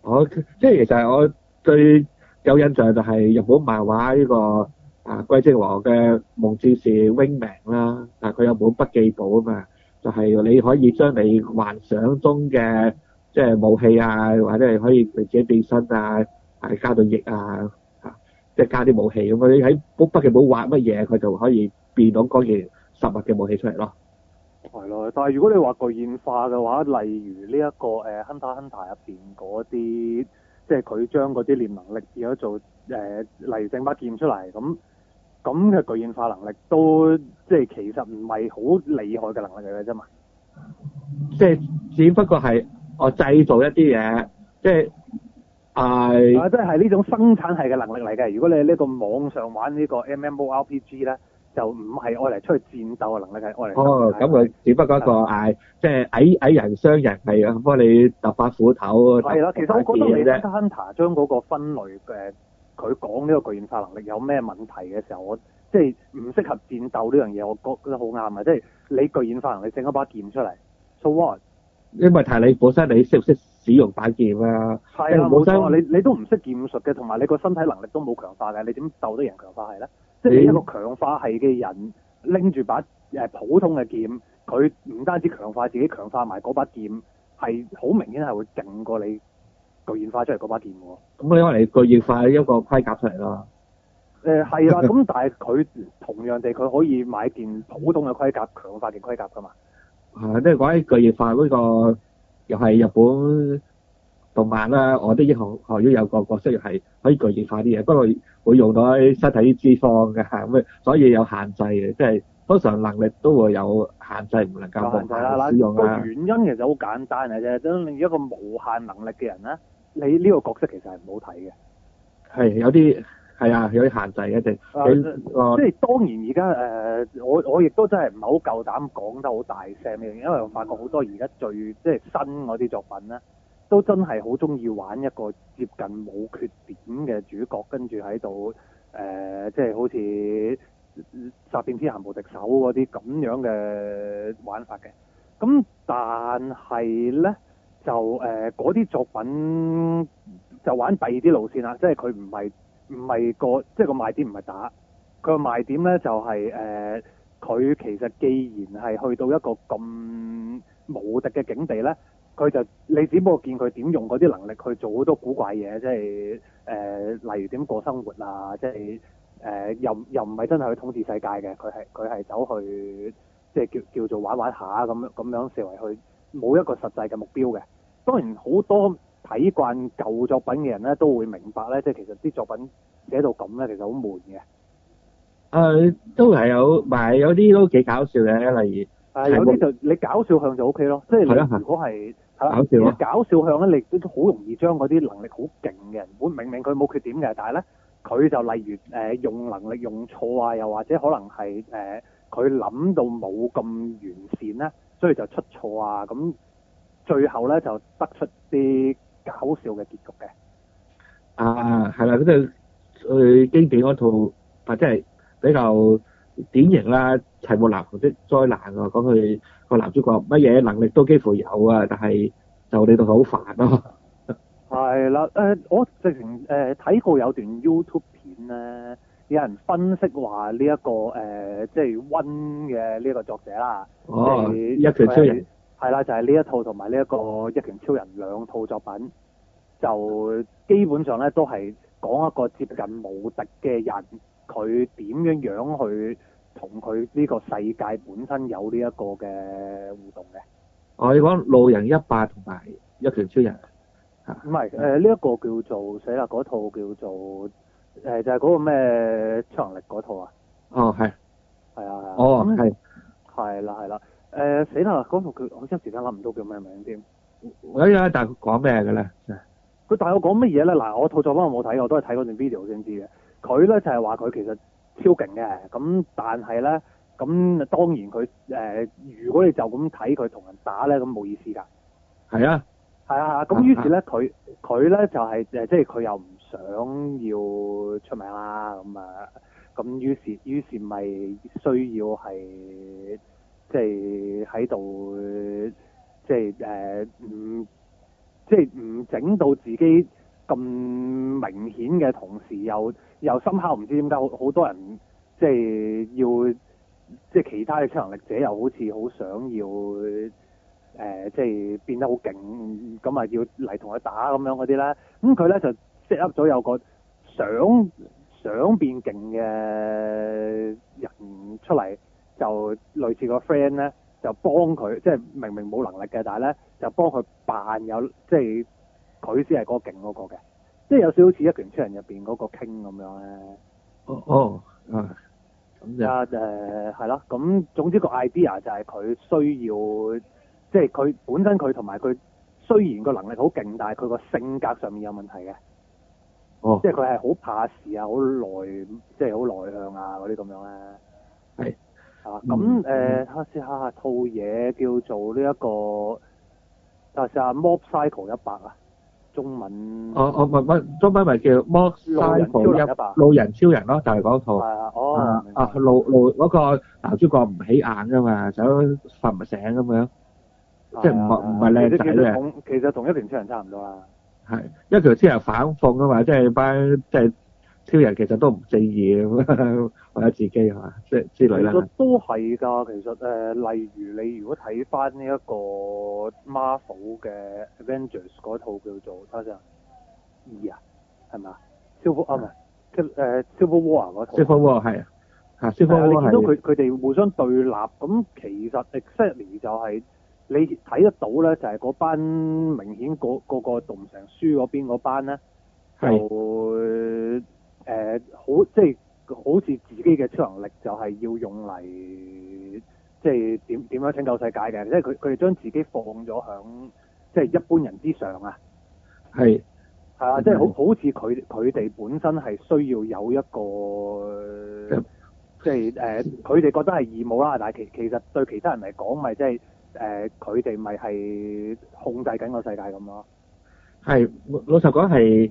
我即係其實我最有印象就係日本漫畫呢個啊桂正和嘅夢戰士 Wingman 啦，啊佢有本筆記簿啊嘛，就係你可以將你幻想中嘅即係武器啊，或者係可以你自己變身啊，啊加到翼啊，啊即係加啲武器咁，你喺筆記簿畫乜嘢佢就可以變到嗰件。實物嘅武器出嚟咯，係咯，但係如果你話具現化嘅話，例如呢、這、一個誒、呃、Hunter Hunter 入邊嗰啲，即係佢將嗰啲念能力變咗做誒、呃，例如整把劍出嚟，咁咁嘅具現化能力都即係其實唔係好厲害嘅能力嚟嘅啫嘛，即係只不過係我製造一啲嘢，即係係、哎啊、即係呢種生產係嘅能力嚟嘅。如果你喺呢個網上玩個 MMORPG 呢個 MMO RPG 咧。就唔係我嚟出去戰鬥嘅能力，係我嚟。哦，咁佢只不過一個誒，即係、就是、矮矮人雙人係幫你揼把斧頭。係咯，其實我覺得你呢 Hunter 將嗰個分類誒，佢講呢個巨型化能力有咩問題嘅時候，我即係唔適合戰鬥呢樣嘢，我覺得好啱啊！即、就、係、是、你巨型化能力整一把劍出嚟，So what？因為睇你本身你識唔識使用把劍呀？係啊，冇啊！你你都唔識劍術嘅，同埋你個身體能力都冇強化嘅，你點鬥得人強化係咧？即係一個強化係嘅人拎住把普通嘅劍，佢唔單止強化自己，強化埋嗰把劍係好明顯係會勁過你具現化出嚟嗰把劍喎。咁、嗯、你攞你具現化一個盔甲出嚟啦。誒、嗯、係啊，咁、嗯、但係佢 同樣地，佢可以買件普通嘅盔甲，強化件盔甲噶嘛。係、啊，即係講起具現化嗰、那個又係日本動漫啦、啊，我啲英雄學院有個角色係可以具現化啲嘢，不過。會用到啲身體脂肪嘅，咁所以有限制嘅，即係通常能力都會有限制，唔能夠無、啊、限使用啦。那個、原因其實好簡單嘅啫，等你一個無限能力嘅人咧，你呢個角色其實係唔好睇嘅。係有啲係啊，有啲限制嘅。啲、啊啊。即係當然而家、呃、我我亦都真係唔係好夠膽講得好大聲嘅，因為我發覺好多而家最即係新嗰啲作品咧。都真係好中意玩一個接近冇缺點嘅主角，跟住喺度誒，即係好似《殺遍之行無敵手》嗰啲咁樣嘅玩法嘅。咁但係呢，就誒嗰啲作品就玩第二啲路線啦，即係佢唔係唔係個即係個賣點唔係打，佢個賣點呢、就係，就係誒，佢其實既然係去到一個咁無敵嘅境地呢。佢就你只不過見佢點用嗰啲能力去做好多古怪嘢，即係誒，例如點過生活啊，即係誒，又又唔係真係去統治世界嘅，佢係佢係走去即係叫叫做玩玩下咁樣咁樣視為佢冇一個實際嘅目標嘅。當然好多睇慣舊作品嘅人咧，都會明白咧，即係其實啲作品寫到咁咧，其實好悶嘅。誒，都係有，唔係有啲都幾搞笑嘅，例如誒，有啲就你搞笑向就 OK 咯，即係你如果係。係搞笑，搞笑，搞笑向咧，你都好容易將嗰啲能力好勁嘅人，會明明佢冇缺點嘅，但係咧佢就例如、呃、用能力用錯啊，又或者可能係誒佢諗到冇咁完善咧，所以就出錯啊，咁最後咧就得出啲搞笑嘅結局嘅。啊，係啦，咁、嗯、就最經典嗰套，或者係比較。典型啦、啊，齊木楠雄の災難啊。講佢個男主角乜嘢能力都幾乎有啊，但係就你到佢好煩咯、啊。係啦，誒、呃，我之前誒睇、呃、過有段 YouTube 片咧，有人分析話呢一個誒、呃，即係温嘅呢個個作者啦、哦就是。一拳超人。係啦，就係、是、呢一套同埋呢一個一拳超人兩套作品，就基本上咧都係講一個接近無敵嘅人。佢點樣樣去同佢呢個世界本身有呢一個嘅互動嘅？我、哦、要講路人一百同埋一拳超人嚇，唔係呢一個叫做死啦嗰套叫做誒、呃、就係、是、嗰個咩超能力嗰套啊？哦，係係啊，係哦，係係啦，係啦、啊，誒死啦嗰套佢我一時間諗唔到叫咩名添？一、嗯嗯、啊，但係佢講咩嘅咧？佢大概我講乜嘢咧？嗱，我套作品我冇睇，我都係睇嗰段 video 先知嘅。佢咧就係話佢其實超勁嘅，咁但係咧咁當然佢誒、呃，如果你就咁睇佢同人打咧，咁冇意思㗎。係啊，係啊，咁於是咧，佢佢咧就係誒，即係佢又唔想要出名啦，咁啊，咁於是於是咪需要係即係喺度，即係誒唔即係唔整到自己。咁明顯嘅，同時又又深刻，唔知點解好好多人即係要即係其他嘅超能力者，又好似好想要、呃、即係變得好勁，咁啊要嚟同佢打咁樣嗰啲咧。咁佢咧就 set up 咗有個想想變勁嘅人出嚟，就類似個 friend 咧，就幫佢即係明明冇能力嘅，但係咧就幫佢扮有即係。佢先係嗰個勁嗰個嘅，即係有少少似一拳超人入面嗰個 King 咁樣咧。哦、oh, 哦、oh, uh, 嗯，咁就係咯。咁總之個 idea 就係佢需要，即係佢本身佢同埋佢雖然個能力好勁，但係佢個性格上面有問題嘅。哦、oh。即係佢係好怕事啊，好內即係好內向啊嗰啲咁樣咧。咁、uh, 誒、uh, uh, uh, uh，我試下套嘢叫做呢、這、一個，就試下 Mob Psycho 一百啊。中文，我我唔揾中文唔係人人，咪叫摩斯路人超人咯，就係嗰套。哦。啊路路、那個、啊，老老嗰個男主角唔起眼噶嘛，想瞓唔醒咁樣，啊、即係唔係唔係靚仔嘅。其實同一條超人差唔多啊。係，因為佢條超人反覆噶嘛，即係班，即、就、係、是。超人其實都唔正義咁啊，自己嚇，即係之類啦。其實都係㗎，其實誒、呃，例如你如果睇翻呢一個 Marvel 嘅 Avengers 嗰套叫做，等陣二啊，係咪？超級啊唔係，佢誒 Civil War 嗰套 Civil War 係啊，Civil、啊啊、War、呃、你見到佢佢哋互相對立，咁其實 exactly 就係、是、你睇得到咧，就係、是、嗰班明顯個個讀唔成書嗰邊嗰班咧，就。誒、呃、好即係好似自己嘅超能力就係要用嚟即係點點樣拯救世界嘅，即係佢佢哋將自己放咗喺即係一般人之上啊。係係啊，即係好好似佢佢哋本身係需要有一個即係誒，呃、佢哋覺得係義務啦，但係其其實對其他人嚟講，咪即係誒佢哋咪係控制緊個世界咁咯。係老實講係。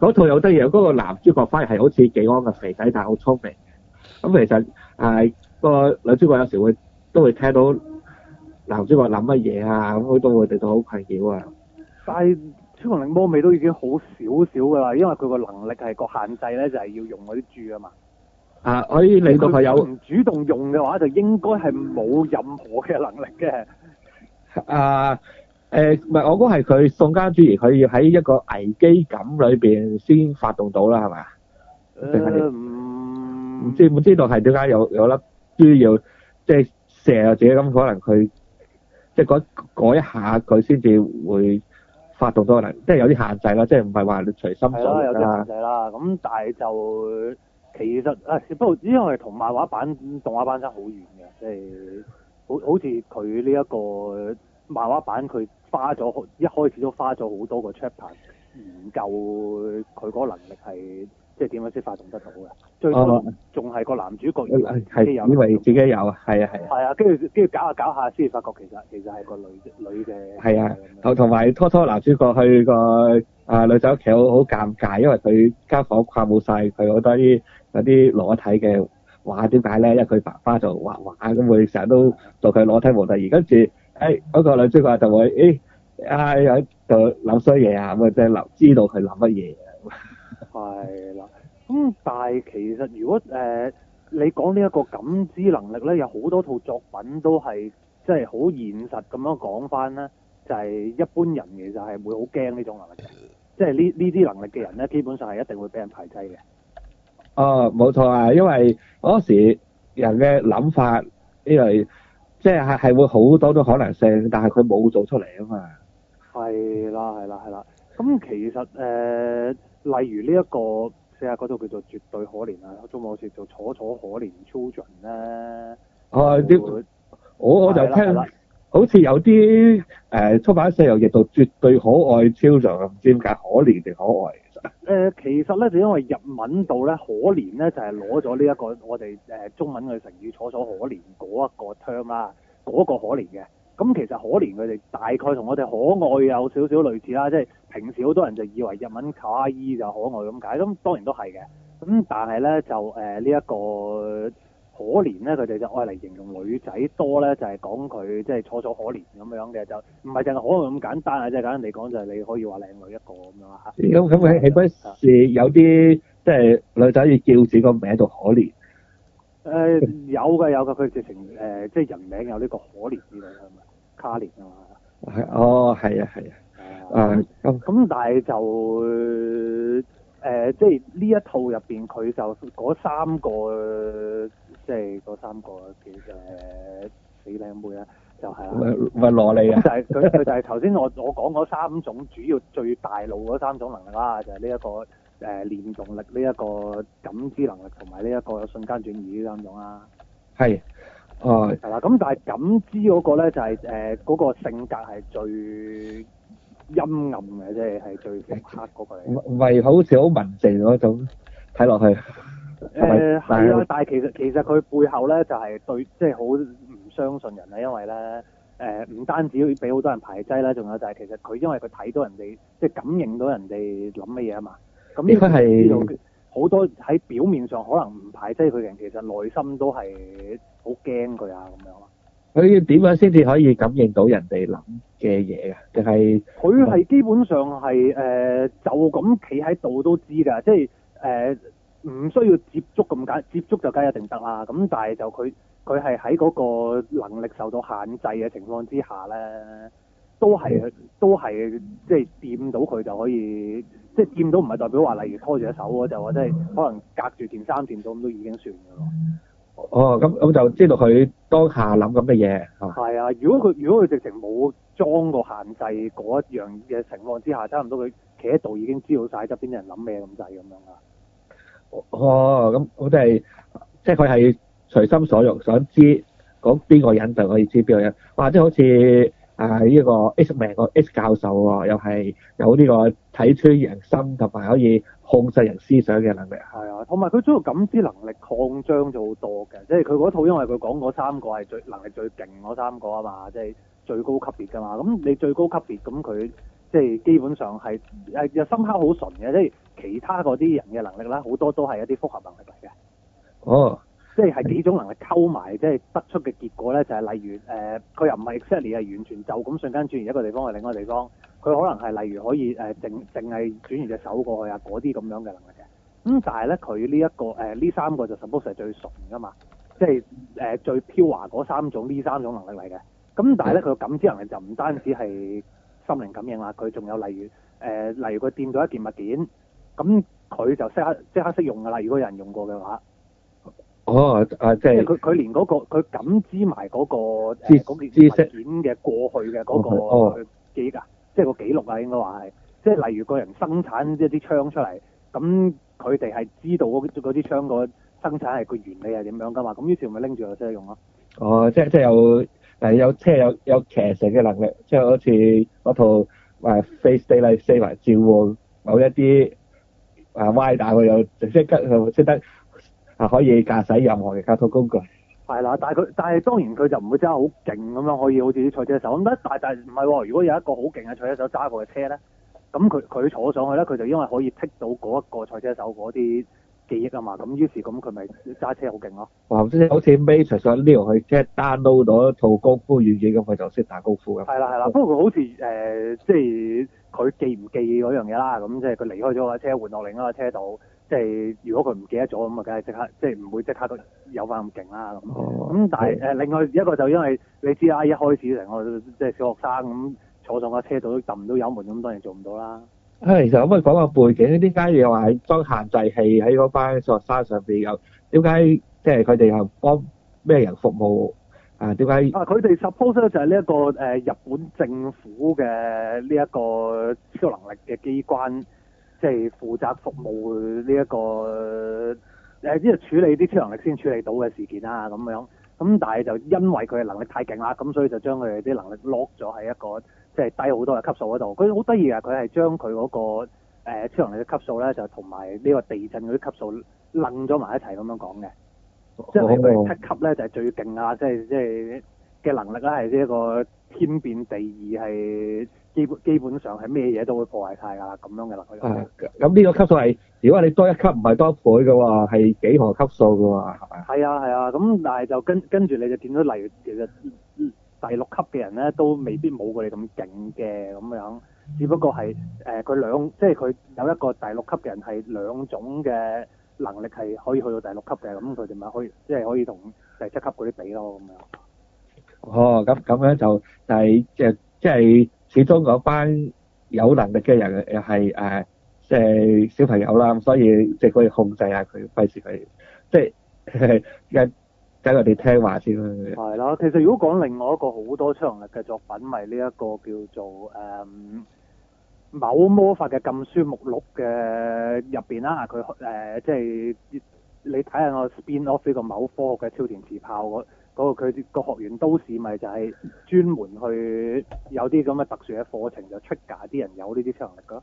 嗰套又得意，嗰個男主角反而係好似幾安嘅肥仔，但係好聰明。咁其實係個女主角有時會都會聽到男主角諗乜嘢啊，咁佢都會對佢好愧疚啊。但係超能力魔美都已經好少少㗎喇，因為佢個能力係個限制咧，就係要用嗰啲珠啊嘛。啊，可以令到佢唔主動用嘅話，就應該係冇任何嘅能力嘅。啊！誒、呃，唔係，我估係佢宋家主義，佢要喺一個危機感裏邊先發動到啦，係咪？誒、呃，唔係知道係點解有有粒珠要即係、就是、射自己咁，可能佢即係一下佢先至會發動到，可能即係有啲限制啦，即係唔係話隨心所欲啦、啊啊。有啲限制啦，咁但係就其實誒、哎，不過因為同漫畫版、動畫版真好遠嘅，即、就、係、是、好好似佢呢一個。漫畫版佢花咗一開始都花咗好多個 chapter 研究佢嗰能力係即係點樣先發動得到嘅？最仲係個男主角有主角，因為自己有啊，係啊係啊，係啊，跟住跟住搞下、啊、搞下、啊、先至發覺其實其實係個女女嘅係啊，同、呃、埋拖拖男主角去個啊、呃、女仔屋企好好尷尬，因為佢間房掛冇晒，佢好多啲有啲裸體嘅。畫！點解咧？因為佢爸爸就畫畫咁，會成日都做佢裸體模特兒跟住。誒，嗰個女主角話就會，誒，唉喺度諗衰嘢啊，咁啊即係諗知道佢諗乜嘢啊。係啦，咁但係其實如果誒，你講呢一個感知能力咧，有好多套作品都係即係好現實咁樣講翻咧，就係一般人其實係會好驚呢種能力嘅，即係呢呢啲能力嘅人咧，基本上係一定會俾人排擠嘅。哦，冇錯啊，因為嗰時人嘅諗法因為。即係係會好多都可能性，但係佢冇做出嚟啊嘛。係啦係啦係啦。咁其實誒，例如呢一個四下嗰度叫做絕對可憐啊，中文好似叫做「楚楚可憐超人呢？我、嗯嗯嗯嗯嗯嗯、我就聽好似有啲誒出版社又譯到、呃，絕對可愛超人啊，唔知點解可憐定可愛。誒、呃，其實咧就因為日文度咧可憐咧就係攞咗呢一個我哋誒、呃、中文嘅成語楚楚可憐嗰一個腔啦，嗰、那個可憐嘅，咁其實可憐佢哋大概同我哋可愛有少少類似啦，即係平時好多人就以為日文卡阿姨就可愛咁解，咁當然都係嘅，咁但係咧就誒呢一個。.可憐咧，佢哋就愛嚟形容女仔多咧，就係講佢即係楚楚可憐咁樣嘅，就唔係淨係可能咁簡單啊！即係簡單嚟講，就係你可以話靚女一個咁樣啊！咁、嗯、咁，係係唔係有啲即係女仔要叫自己個名做可憐？誒、呃、有嘅有嘅，佢直情誒即係人名有呢個可憐之類咪？卡憐啊嘛！係哦，係啊，係啊，啊咁咁，但係就誒即係呢一套入邊，佢就嗰三個。即係嗰三個嘅死靚妹咧，就係咪咪羅莉啊？就係佢，佢就係頭先我，我講嗰三種主要最大腦嗰三種能力啦，就係呢一個誒念動力、呢一個感知能力同埋呢一個瞬間轉移呢三種啦。係啊。係啦，咁但係感知嗰個咧就係誒嗰個性格係最陰暗嘅，即係係最黑嗰個。唔係好似好文靜嗰種睇落去。誒係、呃、啊，但係其實其實佢背後咧，就係、是、對，即係好唔相信人啊，因為咧誒唔單止要俾好多人排擠啦，仲有就係其實佢因為佢睇到人哋即係感應到人哋諗乜嘢啊嘛，咁應該係好多喺表面上可能唔排擠佢嘅人，其實內心都係好驚佢啊咁樣。佢要點樣先至可以感應到人哋諗嘅嘢啊？定係佢係基本上係誒、嗯、呃、就咁企喺度都知噶，即係誒。呃唔需要接觸咁緊，接觸就梗一定得啦，咁但係就佢佢係喺嗰個能力受到限制嘅情況之下咧，都係、嗯、都係即係掂到佢就可以，即係掂到唔係代表話，例如拖住隻手喎，就或者係可能隔住件衫掂到咁都已經算嘅咯。哦，咁咁就知道佢當下諗緊乜嘢。係啊，如果佢如果佢直情冇裝個限制嗰一樣嘅情況之下，差唔多佢企喺度已經知道晒側邊啲人諗咩咁滯咁樣啊。哦，咁我都係，即係佢係隨心所欲，想知講邊個人就可以知邊個人。哇，即係好似啊呢個 X 名個 X 教授喎，又係有呢個睇穿人心，同埋可以控制人思想嘅能力。係啊，同埋佢主要感知能力擴張咗好多嘅，即係佢嗰套因為佢講嗰三個係最能力最勁嗰三個啊嘛，即係最高級別噶嘛。咁你最高級別咁佢即係基本上係誒又深刻好純嘅，即係。其他嗰啲人嘅能力啦，好多都係一啲複合能力嚟嘅。哦、oh.，即係係幾種能力溝埋，即係得出嘅結果咧，就係、是、例如誒，佢、呃、又唔係 exactly 係完全就咁瞬間轉移一個地方去另外地方，佢可能係例如可以誒，淨、呃、係轉移隻手過去啊，嗰啲咁樣嘅能力嘅。咁、嗯、但係咧，佢呢一個誒呢、呃、三個就 suppose 係最純㗎嘛，即係誒、呃、最飄華嗰三種呢三種能力嚟嘅。咁、嗯、但係咧，佢嘅感知能力就唔單止係心靈感應啦，佢仲有例如誒、呃，例如佢掂到一件物件。咁佢就即刻即刻識用㗎啦！如果有人用過嘅話，哦，即係佢連嗰、那個佢感知埋嗰、那個嗰、啊那個、件嘅過去嘅嗰、那個記憶、哦那個哦、即係個記錄啦，應該話係即係例如個人生產一啲槍出嚟，咁佢哋係知道嗰啲槍個生產係個原理係點樣㗎嘛，咁於是咪拎住就識用咯。哦，即係即係有誒有即係有有騎乘嘅能力，即係好似嗰套誒《Face Day》嚟召喚某一啲。啊 Y，但係佢又即係佢識得啊，可以駕駛任何嘅交通工具。係啦，但係佢但係當然佢就唔會揸好勁咁樣，可以好似啲賽車手咁。但係唔係，如果有一個好勁嘅賽車手揸部嘅車咧，咁佢佢坐上去咧，佢就因為可以剔到嗰一個賽車手嗰啲記憶啊嘛，咁於是咁佢咪揸車好勁咯。哇！好似 Matrix 上呢度，即係 download 到一套功夫軟件咁，佢就識打功夫咁。係啦係啦。不過佢好似誒、呃，即係佢記唔記嗰樣嘢啦？咁即係佢離開咗架車，換落另一架車度，即係如果佢唔記得咗，咁啊梗係即刻，即係唔會即刻有翻咁勁啦咁。咁、哦、但係誒，另外一個就因為你知啦、啊，一開始嚟我即係小學生咁，坐上架車度都揼唔到油門咁，當然做唔到啦。啊、嗯，其實可唔可以講個背景，點解又話裝限制器喺嗰班學生上邊？又點解即係佢哋又幫咩人服務啊？點解啊？佢哋 suppose 咧就係呢一個誒、呃、日本政府嘅呢一個超能力嘅機關，即、就、係、是、負責服務呢一、這個誒，即、呃、係、就是、處理啲超能力先處理到嘅事件啊咁樣。咁但係就因為佢嘅能力太勁啦，咁所以就將佢哋啲能力 lock 咗喺一個，即、就、係、是、低好多嘅級數嗰度，佢好得意啊，佢係將佢嗰、那個、呃、超能力嘅級數咧，就同埋呢個地震嗰啲級數攆咗埋一齊咁樣講嘅。Oh. 即係佢七級咧就係、是、最勁啊！即係即係嘅能力咧係呢一、就是、個天變地異本，係基基本上係咩嘢都會破壞曬啦咁樣嘅啦。咁、uh, 呢個級數係，如果你多一級唔係多一倍嘅話係幾何級數㗎喎，係呀，啊？係啊，咁但係就跟跟住你就見到例如，其實第六級嘅人咧，都未必冇佢哋咁勁嘅咁樣，只不過係誒佢兩，即係佢有一個第六級嘅人係兩種嘅能力係可以去到第六級嘅，咁佢哋咪可以即係可以同第七級嗰啲比咯咁樣。哦，咁咁樣就，但係即係即係始終嗰班有能力嘅人係誒、呃即係、小朋友啦，咁所以即係、即係、可以控制下佢，費事佢即係一。即係呃跟我哋聽話先啦，係啦，其實如果講另外一個好多超能力嘅作品，咪呢一個叫做誒、嗯、某魔法嘅禁書目錄嘅入面啦，佢誒即係你睇下我 spin off 呢個某科學嘅超電磁炮嗰、嗰個佢、個學院都市，咪就係專門去有啲咁嘅特殊嘅課程，就出假啲人有呢啲超能力噶。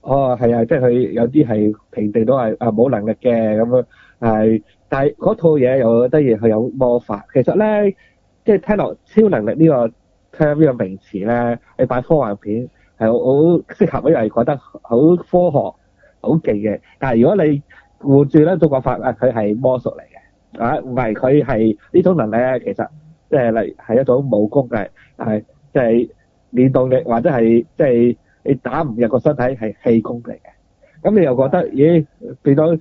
哦，係啊，即係佢有啲係平地都係啊冇能力嘅咁係，但係嗰套嘢又得意佢有魔法。其實咧，即係聽落超能力呢個聽呢個名詞咧，你擺科幻片係好適合，因為覺得好科學、好勁嘅。但係如果你換轉咧，中國化啊，佢係魔術嚟嘅，啊唔係佢係呢種能力啊。其實即係嚟係一種武功嘅，係即係練動力或者係即係你打唔入個身體係氣功嚟嘅。咁你又覺得，咦變咗？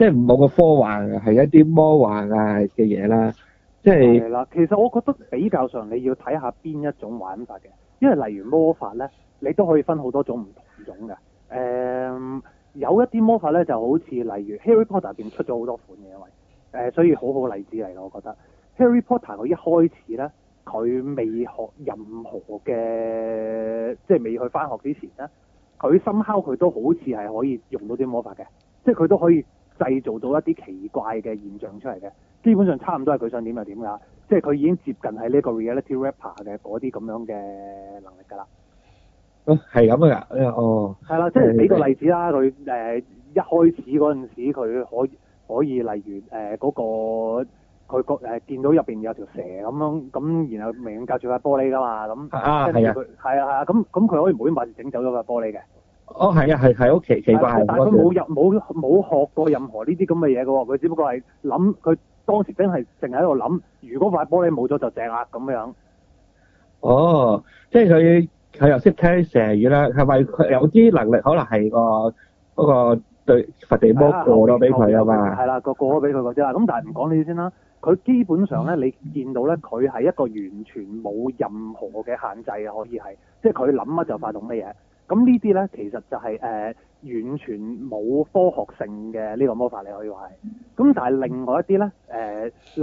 即係唔冇個科幻係一啲魔幻啊嘅嘢啦，即係啦。其實我覺得比較上你要睇下邊一種玩法嘅，因為例如魔法咧，你都可以分好多種唔同種嘅。誒、呃、有一啲魔法咧就好似例如《Harry Potter》入面出咗好多款嘅嘢，誒、呃、所以很好好例子嚟咯，我覺得《Harry Potter》佢一開始咧，佢未學任何嘅，即係未去翻學之前咧，佢深敲佢都好似係可以用到啲魔法嘅，即係佢都可以。製造到一啲奇怪嘅現象出嚟嘅，基本上差唔多係佢想點就點㗎，即係佢已經接近喺呢個 reality rapper 嘅嗰啲咁樣嘅能力㗎啦。咁係咁㗎，哦，係啦，即係俾、嗯、個例子啦。佢、呃、一開始嗰陣時，佢可以可以例如誒嗰、呃嗰個佢個、呃、見到入面有條蛇咁樣，咁然後明明隔住塊玻璃㗎嘛，咁係啊，係啊係啊，咁咁佢可以冇一晚整走咗塊玻璃嘅。哦，係啊，係係好奇奇怪，但係佢冇入冇冇學過任何呢啲咁嘅嘢嘅喎，佢只不過係諗，佢當時真係淨係喺度諗，如果塊玻璃冇咗就正啦咁樣。哦，即係佢佢又識聽蛇語啦，係咪佢有啲能力，可能係個嗰個對伏地魔過咗俾佢啊嘛，係啦，過過咗俾佢嗰啲啦。咁但係唔講呢啲先啦，佢基本上咧，你見到咧，佢係一個完全冇任何嘅限制嘅，可以係，即係佢諗乜就發動乜嘢。咁呢啲咧，其實就係、是、誒、呃、完全冇科學性嘅呢個魔法，你可以話係。咁但係另外一啲咧，誒、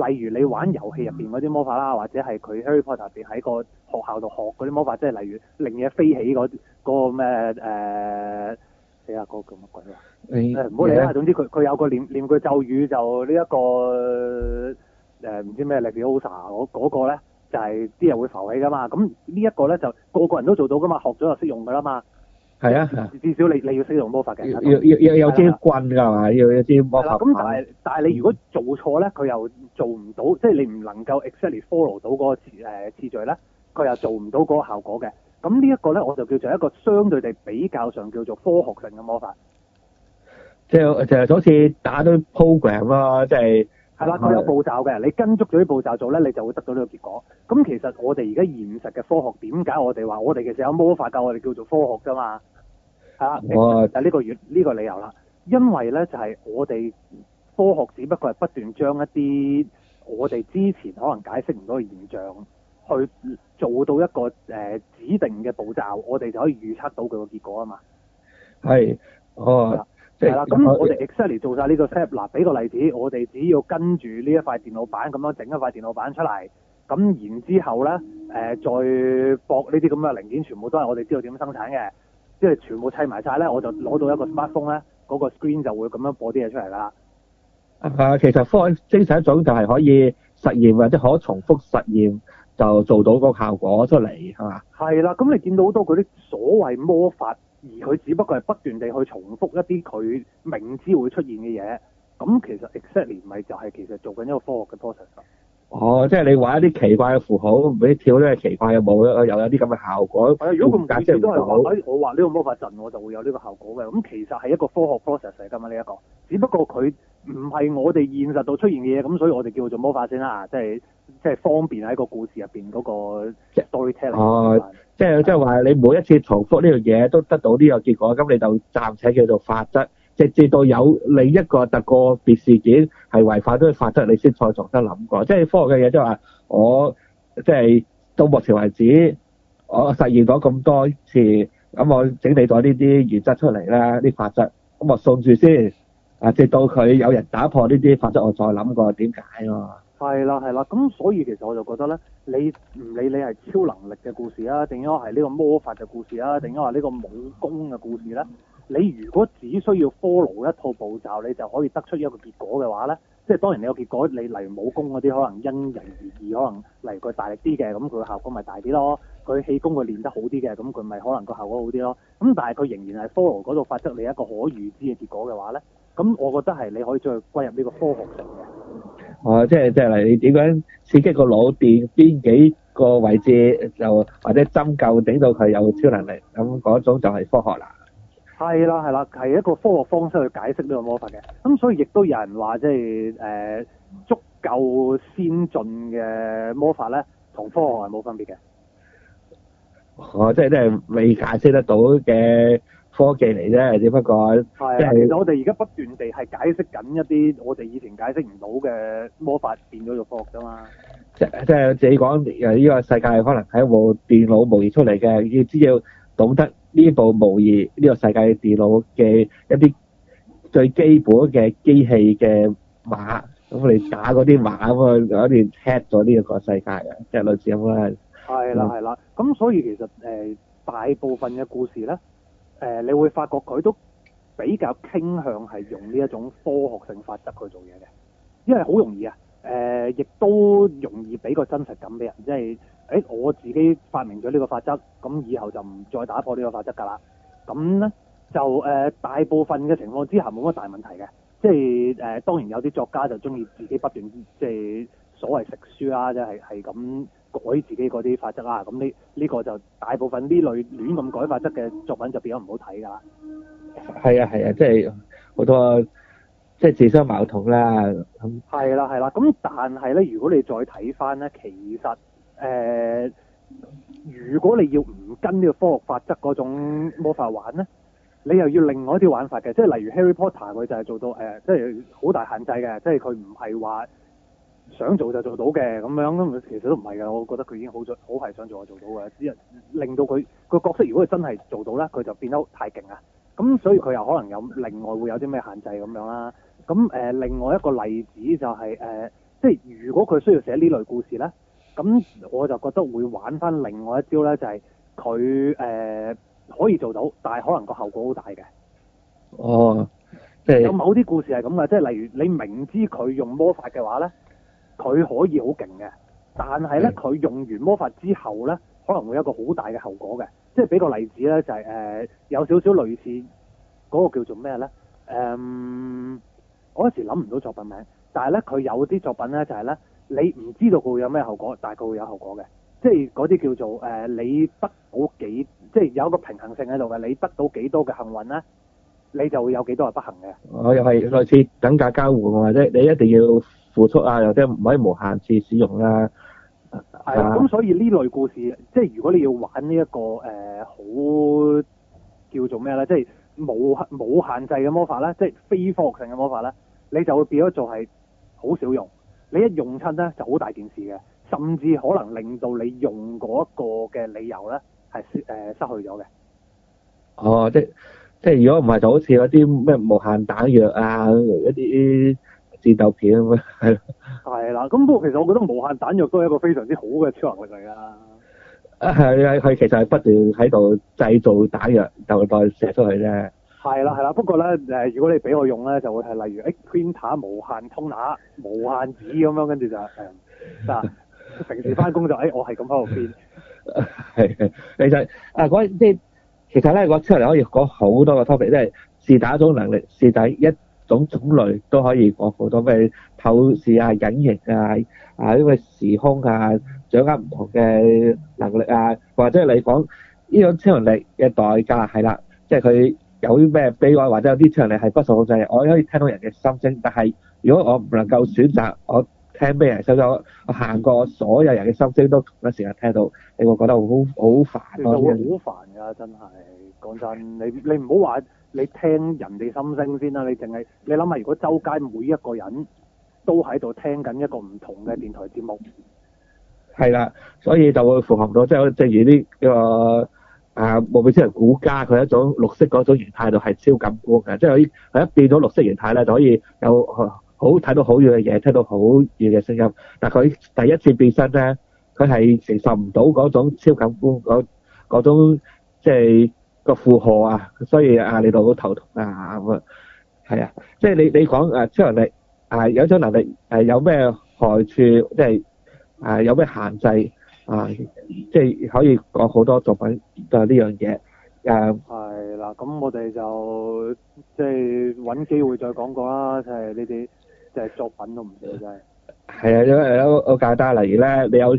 呃、例如你玩遊戲入面嗰啲魔法啦、嗯，或者係佢 Harry Potter 入面喺個學校度學嗰啲魔法，即、就、係、是、例如令嘢飛起嗰、那個咩誒、那個呃、死啊，嗰、那個叫乜鬼話、啊？唔好理啦，總之佢佢有個念念句咒語就、這個呃 那個、呢一個誒唔知咩嚟，比如 Leviosa 嗰個咧就係、是、啲人會浮起噶嘛。咁呢一個咧就個個人都做到噶嘛，學咗就識用噶啦嘛。係啊，至少你你要使用魔法嘅，要、啊、要要有啲、啊、棍噶嘛，啊，要有啲魔法。咁、啊、但係、嗯、但係你如果做錯咧，佢又做唔到，即、就、係、是、你唔能夠 exactly follow 到嗰個次誒、呃、次序咧，佢又做唔到嗰個效果嘅。咁呢一個咧，我就叫做一個相對地比較上叫做科學性嘅魔法。即係就係好似打堆 program 咯，啊，即係。係啦，佢有步驟嘅，你跟足咗啲步驟做咧，你就會得到呢個結果。咁其實我哋而家現實嘅科學，點解我哋話我哋其實有魔法教我哋叫做科學噶嘛？係啦，就呢個月呢個理由啦。因為咧就係我哋科學只不過係不斷將一啲我哋之前可能解釋唔到嘅現象，去做到一個誒指定嘅步驟，我哋就可以預測到佢個結果啊嘛。係，哦。係啦，咁我哋 exactly 做晒呢個 step，嗱，俾個例子，我哋只要跟住呢一塊電腦板咁樣整一塊電腦板出嚟，咁然之後咧，誒再駁呢啲咁嘅零件，全部都係我哋知道點樣生產嘅，即係全部砌埋晒咧，我就攞到一個 smartphone 咧，嗰個 screen 就會咁樣播啲嘢出嚟啦。誒，其實科學精神一種就係可以實驗或者可重複實驗就做到個效果出嚟，係嘛？係啦，咁你見到好多嗰啲所謂魔法。而佢只不過係不斷地去重複一啲佢明知會出現嘅嘢，咁其實 Excel 咪就係其實做緊一個科學嘅 process 咯。哦，即係你畫一啲奇怪嘅符號，唔俾跳都係奇怪嘅舞，又有啲咁嘅效果。如果咁唔解都，即係我我畫呢個魔法陣，我就會有呢個效果嘅。咁其實係一個科學 process 嚟噶嘛呢一個，只不過佢唔係我哋現實度出現嘅嘢，咁所以我哋叫做魔法先啦，即係。即係方便喺個故事入面嗰個、哦、即係 storytelling 即係即係話你每一次重複呢樣嘢都得到呢個結果，咁你就暫且叫做法則。直至到有另一個特個別事件係違反咗個法則，你先再重新諗過。即係科學嘅嘢，即係話我即係到目前為止，我實現咗咁多次，咁我整理咗呢啲原則出嚟啦，啲法則。咁我順住先啊，直到佢有人打破呢啲法則，我再諗過點解囉。係啦，係啦，咁所以其實我就覺得咧，你唔理你係超能力嘅故事啊，定咗係呢個魔法嘅故事啊，定咗話呢個武功嘅故事咧，你如果只需要 follow 一套步驟，你就可以得出一個結果嘅話咧，即係當然你有結果，你例如武功嗰啲可能因人而異，可能例如佢大力啲嘅，咁佢嘅效果咪大啲咯，佢氣功佢練得好啲嘅，咁佢咪可能個效果好啲咯，咁但係佢仍然係 follow 嗰度，發出你一個可預知嘅結果嘅話咧。咁我覺得係你可以再歸入呢個科學上嘅。哦，即係即係嚟你，點樣刺激個腦電邊幾個位置就，就或者針灸整到佢有超能力，咁嗰種就係科學啦。係啦，係啦，係一個科學方式去解釋呢個魔法嘅。咁所以亦都有人話，即係誒、呃、足夠先進嘅魔法咧，同科學係冇分別嘅。哦，即係即係未解釋得到嘅。科技嚟啫，只不過係，其實我哋而家不斷地係解釋緊一啲我哋以前解釋唔到嘅魔法變咗做科學啫嘛。即係即係你講呢個世界可能係一部電腦模擬出嚟嘅，要知要懂得呢部模擬呢個世界嘅電腦嘅一啲最基本嘅機器嘅碼，咁我哋打嗰啲碼咁，我哋 hack 咗呢個世界啊，即係類似咁樣係。係啦係啦，咁所以其實誒大部分嘅故事咧。誒、呃，你會發覺佢都比較傾向係用呢一種科學性法則去做嘢嘅，因為好容易啊。誒、呃，亦都容易俾個真實感俾人，即係誒我自己發明咗呢個法則，咁以後就唔再打破呢個法則㗎啦。咁咧就誒、呃，大部分嘅情況之下冇乜大問題嘅。即係誒、呃，當然有啲作家就中意自己不斷即係所謂食書啦、啊，即係係咁。改自己嗰啲法則啊，咁呢呢個就大部分呢類亂咁改法則嘅作品就變咗唔好睇㗎。係啊係啊，即係好多即係自相矛盾啦。係啦係啦，咁、啊啊、但係咧，如果你再睇翻咧，其實誒、呃，如果你要唔跟呢個科學法則嗰種魔法玩咧，你又要另外一啲玩法嘅，即係例如 Harry Potter 佢就係做到誒、呃，即係好大限制嘅，即係佢唔係話。想做就做到嘅咁樣其實都唔係㗎。我覺得佢已經好好係想做就做到嘅。只係令到佢個角色，如果佢真係做到咧，佢就變得太勁啊。咁所以佢又可能有另外會有啲咩限制咁樣啦。咁、呃、另外一個例子就係、是呃、即係如果佢需要寫呢類故事咧，咁我就覺得會玩翻另外一招咧，就係佢誒可以做到，但係可能個後果好大嘅。哦、oh, okay，即係有某啲故事係咁嘅，即係例如你明知佢用魔法嘅話咧。佢可以好勁嘅，但係咧佢用完魔法之後咧，可能會有一個好大嘅後果嘅。即係俾個例子咧，就係、是、誒、呃、有少少類似嗰、那個叫做咩咧？誒、呃，我一時諗唔到作品名，但係咧佢有啲作品咧就係、是、咧，你唔知道佢會有咩後果，但係佢會有後果嘅。即係嗰啲叫做誒、呃，你得到幾，即係有一個平衡性喺度嘅，你得到幾多嘅幸運咧，你就會有幾多係不幸嘅。我又係類似等價交換或者你一定要付出啊，又啲唔可以無限次使用啊。係啊，咁所以呢類故事，即係如果你要玩呢、這、一個誒、呃、好叫做咩咧，即係冇冇限制嘅魔法咧，即係非科學性嘅魔法咧，你就會變咗做係好少用。你一用親咧就好大件事嘅，甚至可能令到你用嗰一個嘅理由咧係誒失去咗嘅。哦，即即係如果唔係就好似嗰啲咩無限彈藥啊，一啲。戰鬥片咁啊，係係啦。咁不過其實我覺得無限彈藥都係一個非常之好嘅超能力嚟噶。啊係係其實係不斷喺度製造彈藥，就再射出去啫。係啦係啦，不過咧誒，如果你俾我用咧，就會係例如誒 printer 無限通拿，無限紙咁樣，跟住就誒，嗱，平時翻工就誒，我係咁喺度變。係，其實啊，講即係，其實咧，我超能力可以講好多個 topic，即係是打一種能力，是打一。種種類都可以講好多，咩透視啊、隱形啊、啊呢個時空啊，掌握唔同嘅能力啊，或者你講呢種超能力嘅代價係啦，即係佢有啲咩悲哀，或者有啲超能力係不受控制，就是、我可以聽到人嘅心聲，但係如果我唔能夠選擇我聽咩，人收咗我行過所有人嘅心聲都同一時間聽到，你會覺得好好煩啊！會好煩㗎，真係講真，你你唔好話。你聽人哋心聲先啦！你淨係你諗下，如果周街每一個人都喺度聽緊一個唔同嘅電台節目，係啦，所以就會符合到即係正如呢個啊莫比斯人古家佢一種綠色嗰種形態度係超感官嘅，即係佢一變咗綠色形態咧就可以有好睇到好遠嘅嘢，聽到好遠嘅聲音。但佢第一次變身咧，佢係承受唔到嗰種超感官嗰嗰種即係。個負荷啊，所以啊，你度好頭痛啊咁啊，係啊，即係你你講誒超能力啊，有種能力係有咩害處，即係誒有咩限制啊，即係可以講好多作品都係呢樣嘢誒。係啦，咁我哋就即係搵機會再講過啦，係呢啲誒作品都唔少真係。係啊，因為有個好簡單，例如咧，你有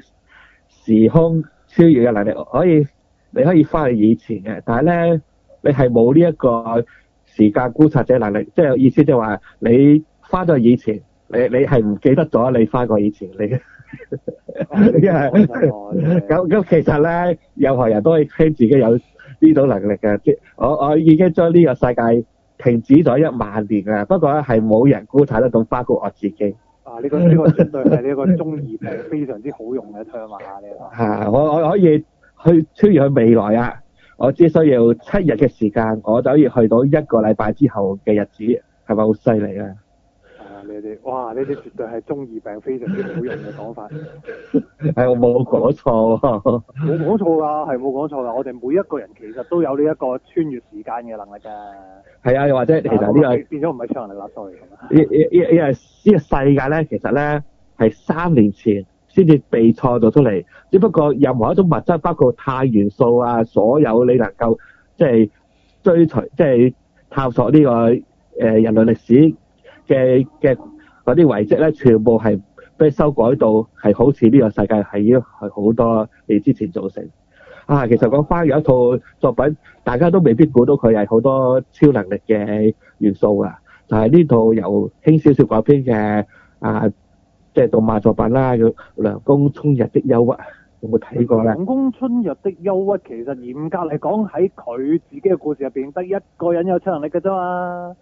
時空超越嘅能力，可以。你可以翻去以前嘅，但係咧，你係冇呢一個時間觀察者能力，即係意思就話你翻咗以前，你你係唔記得咗你翻過以前你，因為咁咁其實咧，任何人都可以稱自己有呢種能力嘅。即係我我已經將呢個世界停止咗一萬年啦，不過咧係冇人觀察得咁，包括我自己。啊，呢、這個呢個絕對係呢個中二病， 非常之好用嘅 charm 你係我我可以。去穿越去未來啊！我只需要七日嘅時間，我就可以去到一個禮拜之後嘅日子，係咪好犀利啊？啊！呢啲哇，呢啲絕對係中二病非常之好用嘅講法。係我冇講錯。冇講錯㗎，係冇講錯㗎。我哋、啊、每一個人其實都有呢一個穿越時間嘅能力㗎。係啊，又或者其實呢個變咗唔係超能力攔衰嘅。呢呢呢呢個世界咧，其實咧係三年前，先至被創造出嚟，只不過任何一種物質，包括碳元素啊，所有你能夠即係追隨、即係探索呢、呢個、呃、人類歷史嘅嘅嗰啲遺跡咧，全部係被修改到係好似呢個世界係已經係好多年之前造成啊。其實講翻有一套作品，大家都未必估到佢係好多超能力嘅元素啊，就係、係、呢套由輕小說改編嘅啊。即、就、係、是、動漫作品啦，叫涼宮春日的憂鬱有冇睇過咧？涼宮春日的憂鬱其實嚴格嚟講，喺佢自己嘅故事入邊，得一個人有超能力嘅啫嘛。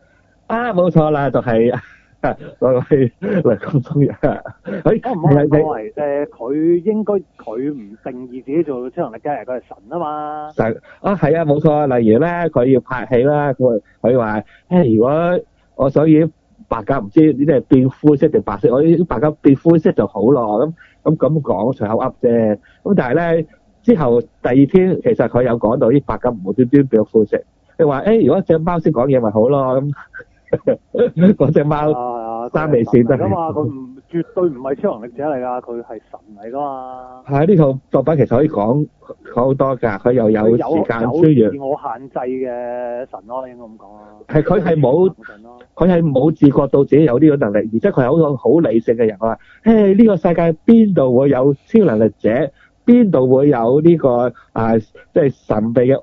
啊，冇錯啦，就係、是、 涼宮春日。誒、 哎，唔好唔好，誒，佢應該佢唔定義自己做超能力嘅，佢係神啊嘛。神啊，係啊，冇錯、啊啊。例如咧，佢要拍戲啦，佢佢話誒，如果我想要。白鴿唔知呢啲係變灰色定白色，我呢啲白鴿變灰色就好咯，咁咁咁講隨口噏啫。咁但係咧之後第二天，其實佢有講到啲白鴿無端端變咗灰色，你話，誒，如果隻貓、啊 啊啊、先講嘢咪好咯咁，講隻貓三味線得係。啊啊。絕對唔係超能力者嚟㗎，佢係神嚟㗎嘛。係呢套作品其實可以講講好多㗎，佢又有時間超越自我限制嘅神咯，你應該咁講咯。係佢係冇神咯，佢係冇自覺到自己有呢種能力，而且佢係一個好理性嘅人。佢話：誒呢個世界邊度會有超能力者？邊度會有呢個啊？即係神秘嘅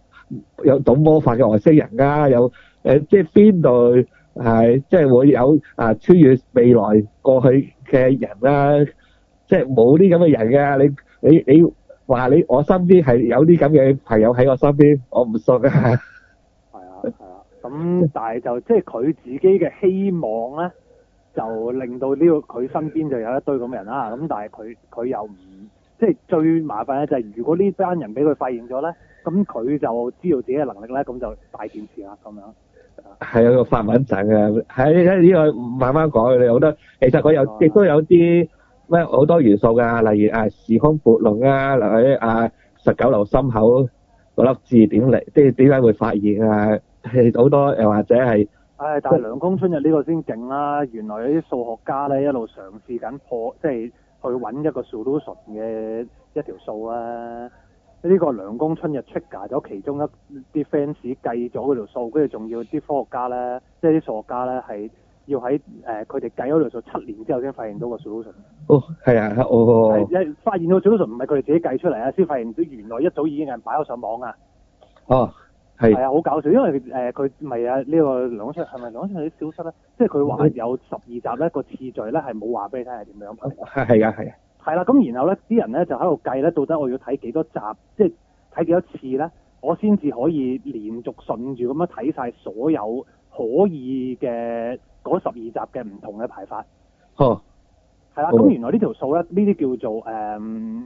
有懂魔法嘅外星人啊？有誒，即係邊度係即係會有啊？超越未來過去嘅人啊，即係冇啲咁嘅人嘅、啊，你你你話你我身邊係有啲咁嘅朋友喺我身邊，我唔信啊。係 啊，係啊，咁但係就即係佢自己嘅希望咧，就令到呢個佢身邊就有一堆咁嘅人啦。咁但係佢佢又唔，即係最麻煩咧就係如果呢班人俾佢發現咗咧，咁佢就知道自己嘅能力咧，咁就大件事啦咁樣。係有個法文陣嘅，喺喺呢個慢慢講。你好多，其實佢有亦都有啲咩好多元素噶，例如啊時空悖論啊，例如啊十九樓心口嗰粒字點嚟，即係點解會發現啊？好多又或者係啊，但係梁公春日呢個先勁啦。原來有啲數學家咧一路嘗試緊破，即係去搵一個數都純嘅一條數啊！呢、這個梁公春日 trigger 咗其中一啲 fans 計咗嗰條數，跟住仲要啲科學家咧，即係啲數學家咧係要喺誒佢哋計咗條數七年之後先發現到個 solution。哦，係啊，我、哦、係、哦、發現到 solution 唔係佢哋自己計出嚟啊，先發現到原來一早已經有人擺咗上網啊。哦，係。係啊，好搞笑，因為誒佢咪啊呢個梁公春係咪梁公春啲消失咧？即係佢話有十二集一個次序咧，係冇話俾你睇係點樣。係係㗎係。係啦，咁然後咧，啲人咧就喺度計咧，到底我要睇幾多集，即係睇幾多次咧，我先至可以連續順住咁樣睇晒所有可以嘅嗰十二集嘅唔同嘅排法。哦，係啦，咁、嗯原，呃、原來呢條數咧，呢啲叫做誒，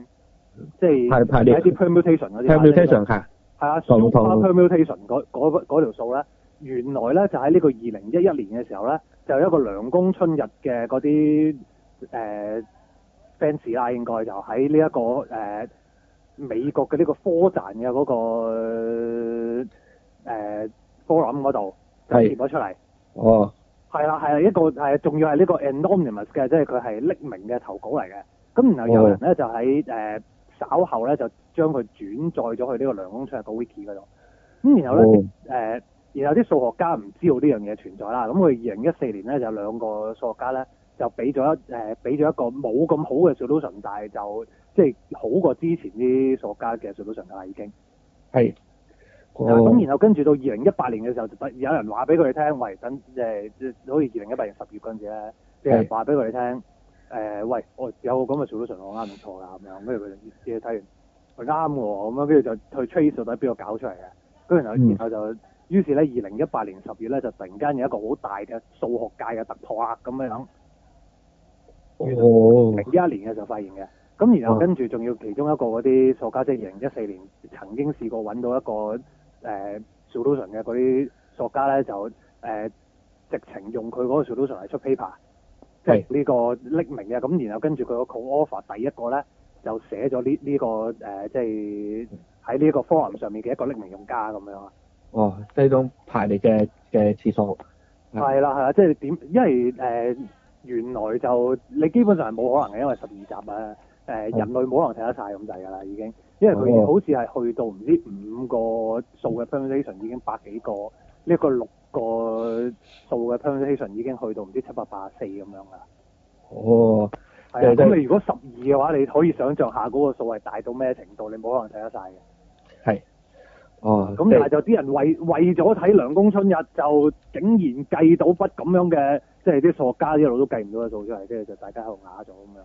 即係一啲 permutation 嗰啲 permutation 喺係啊，super permutation 嗰嗰條數咧，原來咧就喺呢個二零一一年嘅時候咧，就有一個涼宮春日嘅嗰啲誒。呃 fans 啦，應該就喺呢一個誒、呃、美國嘅呢個科站嘅嗰、那個科林嗰度就貼咗出嚟。哦，係、oh. 啦，係啦，一個仲要係呢個 anonymous 嘅，即係佢係匿名嘅投稿嚟嘅。咁然後有人咧、oh. 就喺誒、呃、稍後咧就將佢轉載咗去呢個涼宮春日嘅 wiki 嗰度。咁然後咧誒、oh. 呃，然後啲數學家唔知道呢樣嘢存在啦。咁佢二零一四年咧就有兩個數學家咧。就俾咗一誒，俾、呃、咗一個冇咁好嘅 solution，但係就即係好過之前啲數學家嘅 solution 啦。已經係咁、嗯，然後跟住到二零一八年嘅時候，就有人話俾佢哋聽，喂，等即誒、呃，好似二零一八年十月嗰陣時咧，即係話俾佢哋聽誒，喂，我有個咁嘅 solution，我啱唔錯㗎，咁樣跟住佢哋亦睇完，佢啱喎，咁樣跟住就去吹 r a c e 到底邊個搞出嚟嘅。咁然後然後就於、嗯、是咧，二零一八年十月咧，就突然間有一個好大嘅數學界嘅突破啊，咁樣。哦，零一年嘅時候發現嘅，咁、哦、然後跟住仲要其中一個嗰啲作家即係二零一四年曾經試過揾到一個誒、呃、solution 嘅嗰啲作家咧就誒、呃、直情用佢嗰個 solution 嚟出 paper，即係呢個匿名嘅，咁然後跟住佢個 co offer 第一個咧就寫咗呢呢個、呃、即係喺呢個 forum 上面嘅一個匿名用家咁樣啊。哦，即係當排你嘅嘅次數係啦係啦，即係點？因為誒。呃原來就你基本上係冇可能嘅，因為十二集啊，誒、呃嗯、人類冇可能睇得晒咁滯㗎啦，已經，因為佢好似係去到唔知五個數嘅 permutation 已經百幾個，呢、這個六個數嘅 permutation 已經去到唔知七百八十四咁樣啦。哦，係啊，咁、嗯、你如果十二嘅話，你可以想像下嗰個數係大到咩程度？你冇可能睇得晒嘅。係。哦，咁但係就啲人為為咗睇《梁公春日》，就竟然計到筆咁樣嘅，即係啲數學家一路都計唔到嘅數出嚟，即係就是、大家好啞咗咁樣。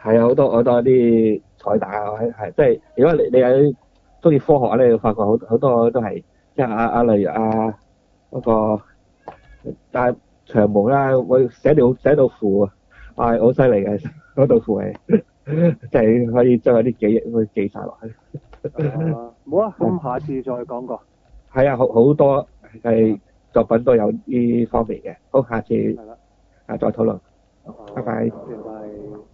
係啊，好多好多啲彩蛋啊，係即係如果你有你喺中意科學咧，就發覺好好多，多都係，即係阿阿例如阿嗰個戴長毛啦，會寫到寫到符啊，係好犀利嘅嗰道符係，即、哎、係可以將嗰啲記憶記晒落去。係啊，冇啊，咁下次再講過。係啊，好好多係作品都有呢方面嘅。好，下次。係啦。啊，再討論。拜拜。拜，拜。拜拜。